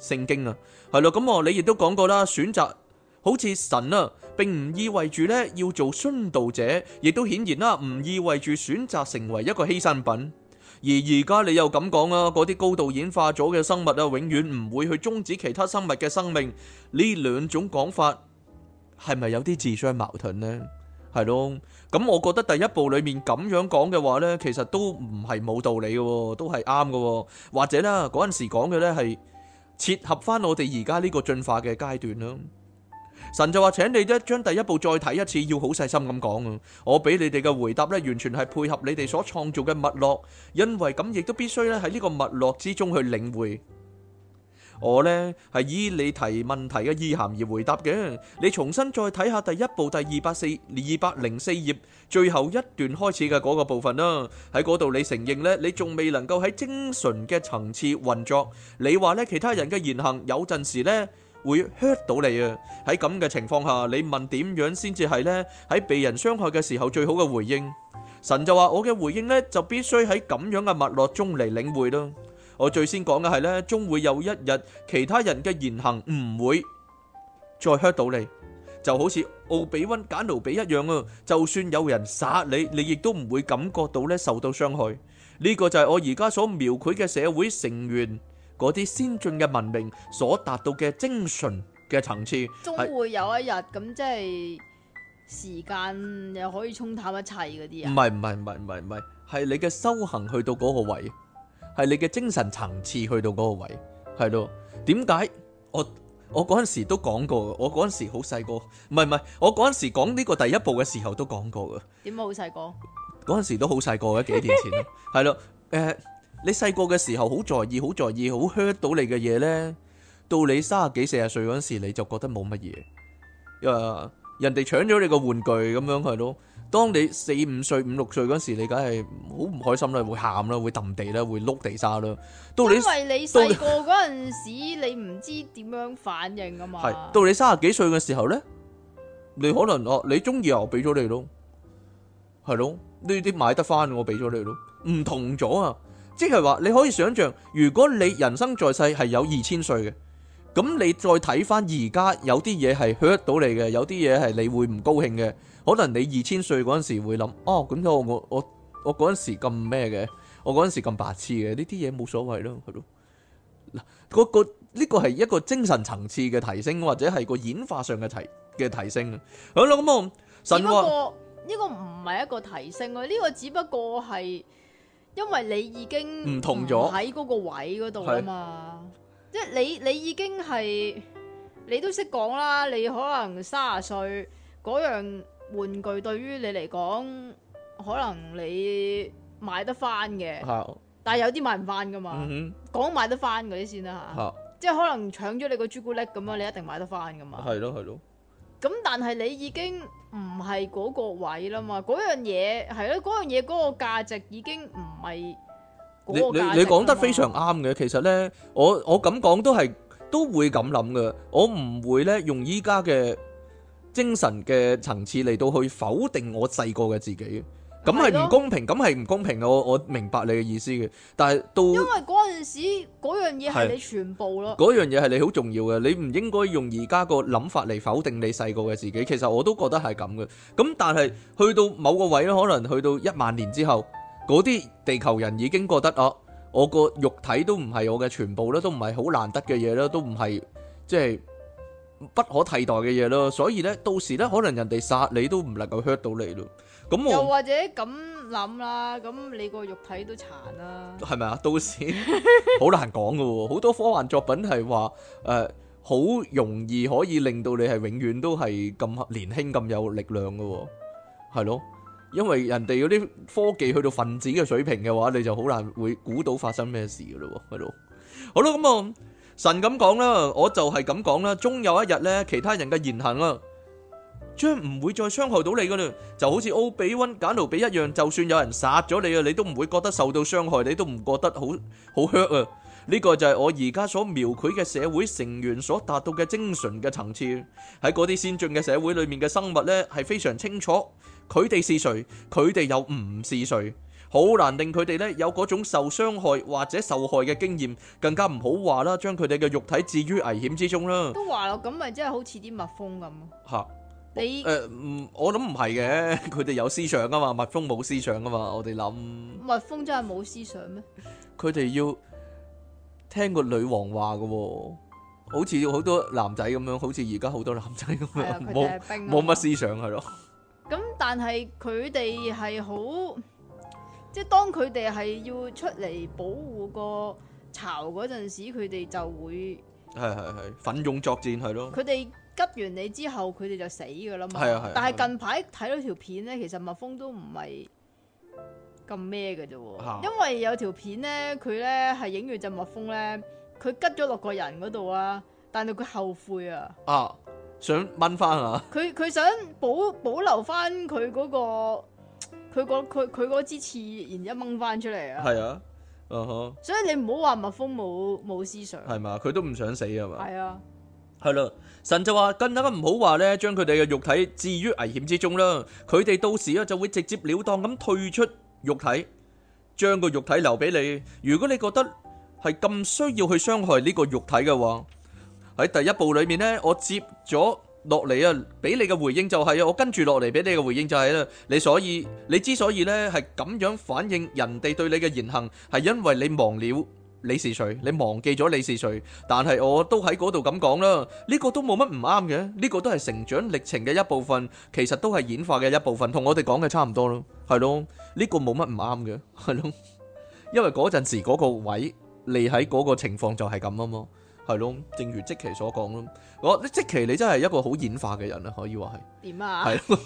聖經啊，係咯，咁、嗯、我你亦都講過啦，選擇好似神啊，並唔意味住呢要做殉道者，亦都顯然啦、啊，唔意味住選擇成為一個犧牲品。而而家你又咁講啊，嗰啲高度演化咗嘅生物啊，永遠唔會去終止其他生物嘅生命。呢兩種講法係咪有啲自相矛盾呢？係咯，咁我覺得第一部裡面咁樣講嘅話呢，其實都唔係冇道理嘅，都係啱嘅。或者呢，嗰陣時講嘅呢，係切合翻我哋而家呢個進化嘅階段啦。神就話，請你咧將第一部再睇一次，要好細心咁講啊！我俾你哋嘅回答咧，完全係配合你哋所創造嘅脈絡，因為咁亦都必須咧喺呢個脈絡之中去領會。我咧係以你提問題嘅意涵而回答嘅。你重新再睇下第一部第二百四二百零四頁最後一段開始嘅嗰個部分啦。喺嗰度你承認咧，你仲未能夠喺精神嘅層次運作。你話咧其他人嘅言行有陣時咧。會 hurt 到你啊！喺咁嘅情況下，你問點樣先至係呢？喺被人傷害嘅時候最好嘅回應。神就話，我嘅回應呢就必須喺咁樣嘅脈絡中嚟領會咯。我最先講嘅係呢，終會有一日，其他人嘅言行唔會再 hurt 到你，就好似奧比溫、簡奴比一樣啊！就算有人殺你，你亦都唔會感覺到呢受到傷害。呢個就係我而家所描繪嘅社會成員。嗰啲先進嘅文明所達到嘅精神嘅層次，終會有一日咁，即係時間又可以沖淡一切嗰啲啊！唔係唔係唔係唔係唔係，係你嘅修行去到嗰個位，係你嘅精神層次去到嗰個位，係咯？點解我我嗰陣時都講過，我嗰陣時好細個，唔係唔係，我嗰陣時講呢個第一步嘅時候都講過嘅。點解好細個？嗰陣時都好細個嘅，幾年前咯，係咯，誒。你細個嘅時候好在意，好在意，好 hurt 到你嘅嘢咧。到你三十幾四十歲嗰時，你就覺得冇乜嘢。啊，人哋搶咗你個玩具咁樣係咯。當你四五歲、五六歲嗰時，你梗係好唔開心啦，會喊啦，會揼地啦，會碌地沙啦。到你因為你細個嗰陣時，你唔知點樣反應㗎嘛。係到你三十幾歲嘅時候咧，你可能哦，你中意我俾咗你咯，係咯，呢啲買得翻我俾咗你咯，唔同咗啊。即係話，你可以想象，如果你人生在世係有二千歲嘅，咁你再睇翻而家有啲嘢係去得到你嘅，有啲嘢係你會唔高興嘅。可能你二千歲嗰陣時會諗，哦，咁我我我嗰陣時咁咩嘅，我嗰陣時咁白痴嘅，呢啲嘢冇所謂咯，嗱，嗰個呢、呢個係一個精神層次嘅提升，或者係個演化上嘅提嘅提升。好啦，咁我只不過呢個唔係一個提升咯，呢、呢個只不過係。因為你已經唔同咗喺嗰個位嗰度啊嘛。是的 即，即係你你已經係你都識講啦，你可能卅歲嗰樣玩具對於你嚟講，可能你買得返嘅，的但係有啲買唔返㗎嘛。講、嗯、哼買得返嗰啲先啦吓，的即係可能搶咗你個朱古力咁樣，你一定買得返㗎嘛。係咯，係咯。咁但係你已經唔係嗰個位啦嘛，嗰樣嘢係咯，嗰樣嘢嗰個價值已經唔係嗰個價值。你你講得非常啱嘅，其實呢，我我咁講都係都會咁諗嘅，我唔會呢，用依家嘅精神嘅層次嚟到去否定我細個嘅自己。咁係唔公平，咁係唔公平嘅。我我明白你嘅意思嘅，但係都因為嗰陣時嗰樣嘢，係你全部咯。嗰樣嘢，係你好重要嘅，你唔應該用而家個諗法嚟，否定你細個嘅自己。其實我都覺得係咁嘅。咁但係去到某個位咧，可能去到一萬年之後，嗰啲地球人已經覺得哦、啊，我個肉體都唔係我嘅全部咧，都唔係好難得嘅嘢咧，都唔係即係不可替代嘅嘢咯。所以咧，到時咧，可能人哋殺你都唔能夠 hurt 到你咯。又或者咁諗啦，咁你個肉體都殘啦，係咪啊？到時好難講噶，好多科幻作品係話誒，好容易可以令到你係永遠都係咁年輕咁有力量噶，係咯？因為人哋嗰啲科技去到分子嘅水平嘅話，你就好難會估到發生咩事噶咯，係咯？好啦，咁啊神咁講啦，我就係咁講啦，終有一日咧，其他人嘅言行啊。將唔會再傷害到你噶啦，就好似奧比溫簡奴比一樣，就算有人殺咗你啊，你都唔會覺得受到傷害，你都唔覺得好好 hurt 啊！呢個就係我而家所描繪嘅社會成員所達到嘅精神嘅層次。喺嗰啲先進嘅社會裏面嘅生物呢，係非常清楚，佢哋是誰，佢哋又唔是誰，好難令佢哋呢有嗰種受傷害或者受害嘅經驗。更加唔好話啦，將佢哋嘅肉體置於危險之中啦。都話啦，咁咪即係好似啲蜜蜂咁。吓。你誒唔，我諗唔係嘅，佢哋有思想㗎嘛，蜜蜂冇思想㗎嘛，我哋諗。蜜蜂真係冇思想咩？佢哋要聽個女王話㗎喎，好似好多男仔咁樣，好似而家好多男仔咁樣，冇乜思想係咯。咁但係佢哋係好，即係當佢哋係要出嚟保護個巢嗰陣時，佢哋就會係係係奮勇作戰係咯。佢哋。急完你之後，佢哋就死噶啦嘛。係啊係。啊但係近排睇到條片咧，其實蜜蜂都唔係咁咩嘅啫喎。啊、因為有條片咧，佢咧係影住隻蜜蜂咧，佢刉咗落個人嗰度啊，但係佢後悔啊。啊！想掹翻啊！佢佢想保保留翻佢嗰個，佢佢佢嗰支刺，然之後掹翻出嚟啊。係啊，啊呵，所以你唔好話蜜蜂冇冇思想，係嘛？佢都唔想死啊嘛。係啊，係咯，啊。 神就話：更加唔好話咧，將佢哋嘅肉體置於危險之中啦。佢哋到時啊，就會直接了當咁退出肉體，將個肉體留俾你。如果你覺得係咁需要去傷害呢個肉體嘅話，喺第一步裏面咧，我接咗落嚟啊，俾你嘅回應就係啊，我跟住落嚟俾你嘅回應就係啦。你所以你之所以咧係咁樣反映人哋對你嘅言行，係因為你忘了。你是誰？你忘記咗你是誰？但係我都喺嗰度咁講啦，呢個都冇乜唔啱嘅，呢個都係成長歷程嘅一部分，其實都係演化嘅一部分，同我哋講嘅差唔多咯，係咯？呢個冇乜唔啱嘅，係咯？因為嗰陣時嗰個位你喺嗰個情況就係咁啊嘛，係咯？正如積奇所講咯，我，你積奇你真係一個好演化嘅人啊，可以話係點啊？係咯。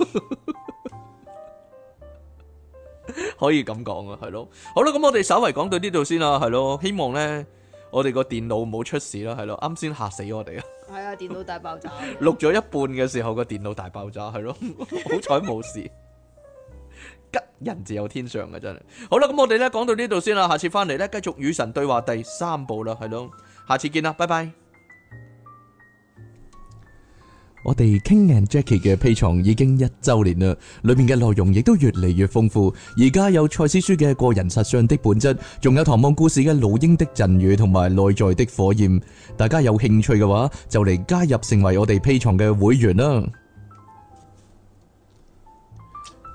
可以咁講啊，係咯，好啦，咁我哋稍為講到呢度先啦，係咯，希望呢，我哋個電腦冇出事啦，係咯，啱先嚇死我哋啊，係 啊， 電腦大爆炸，錄咗一半嘅時候個電腦大爆炸，係咯，好彩冇事，吉人自有天相啊，真係，好啦，咁我哋呢講到呢度先啦，下次翻嚟呢，繼續與神對話第三部啦，係咯，下次見啦，拜拜。我哋 King and Jackie 嘅 Patreon 已經一周年啦，裏面嘅內容亦都越嚟越豐富。而家有賽斯書嘅個人實相的本質，仲有唐望故事嘅老鷹的贈語同埋內在的火焰。大家有興趣嘅話，就嚟加入成為我哋 Patreon 嘅會員啦。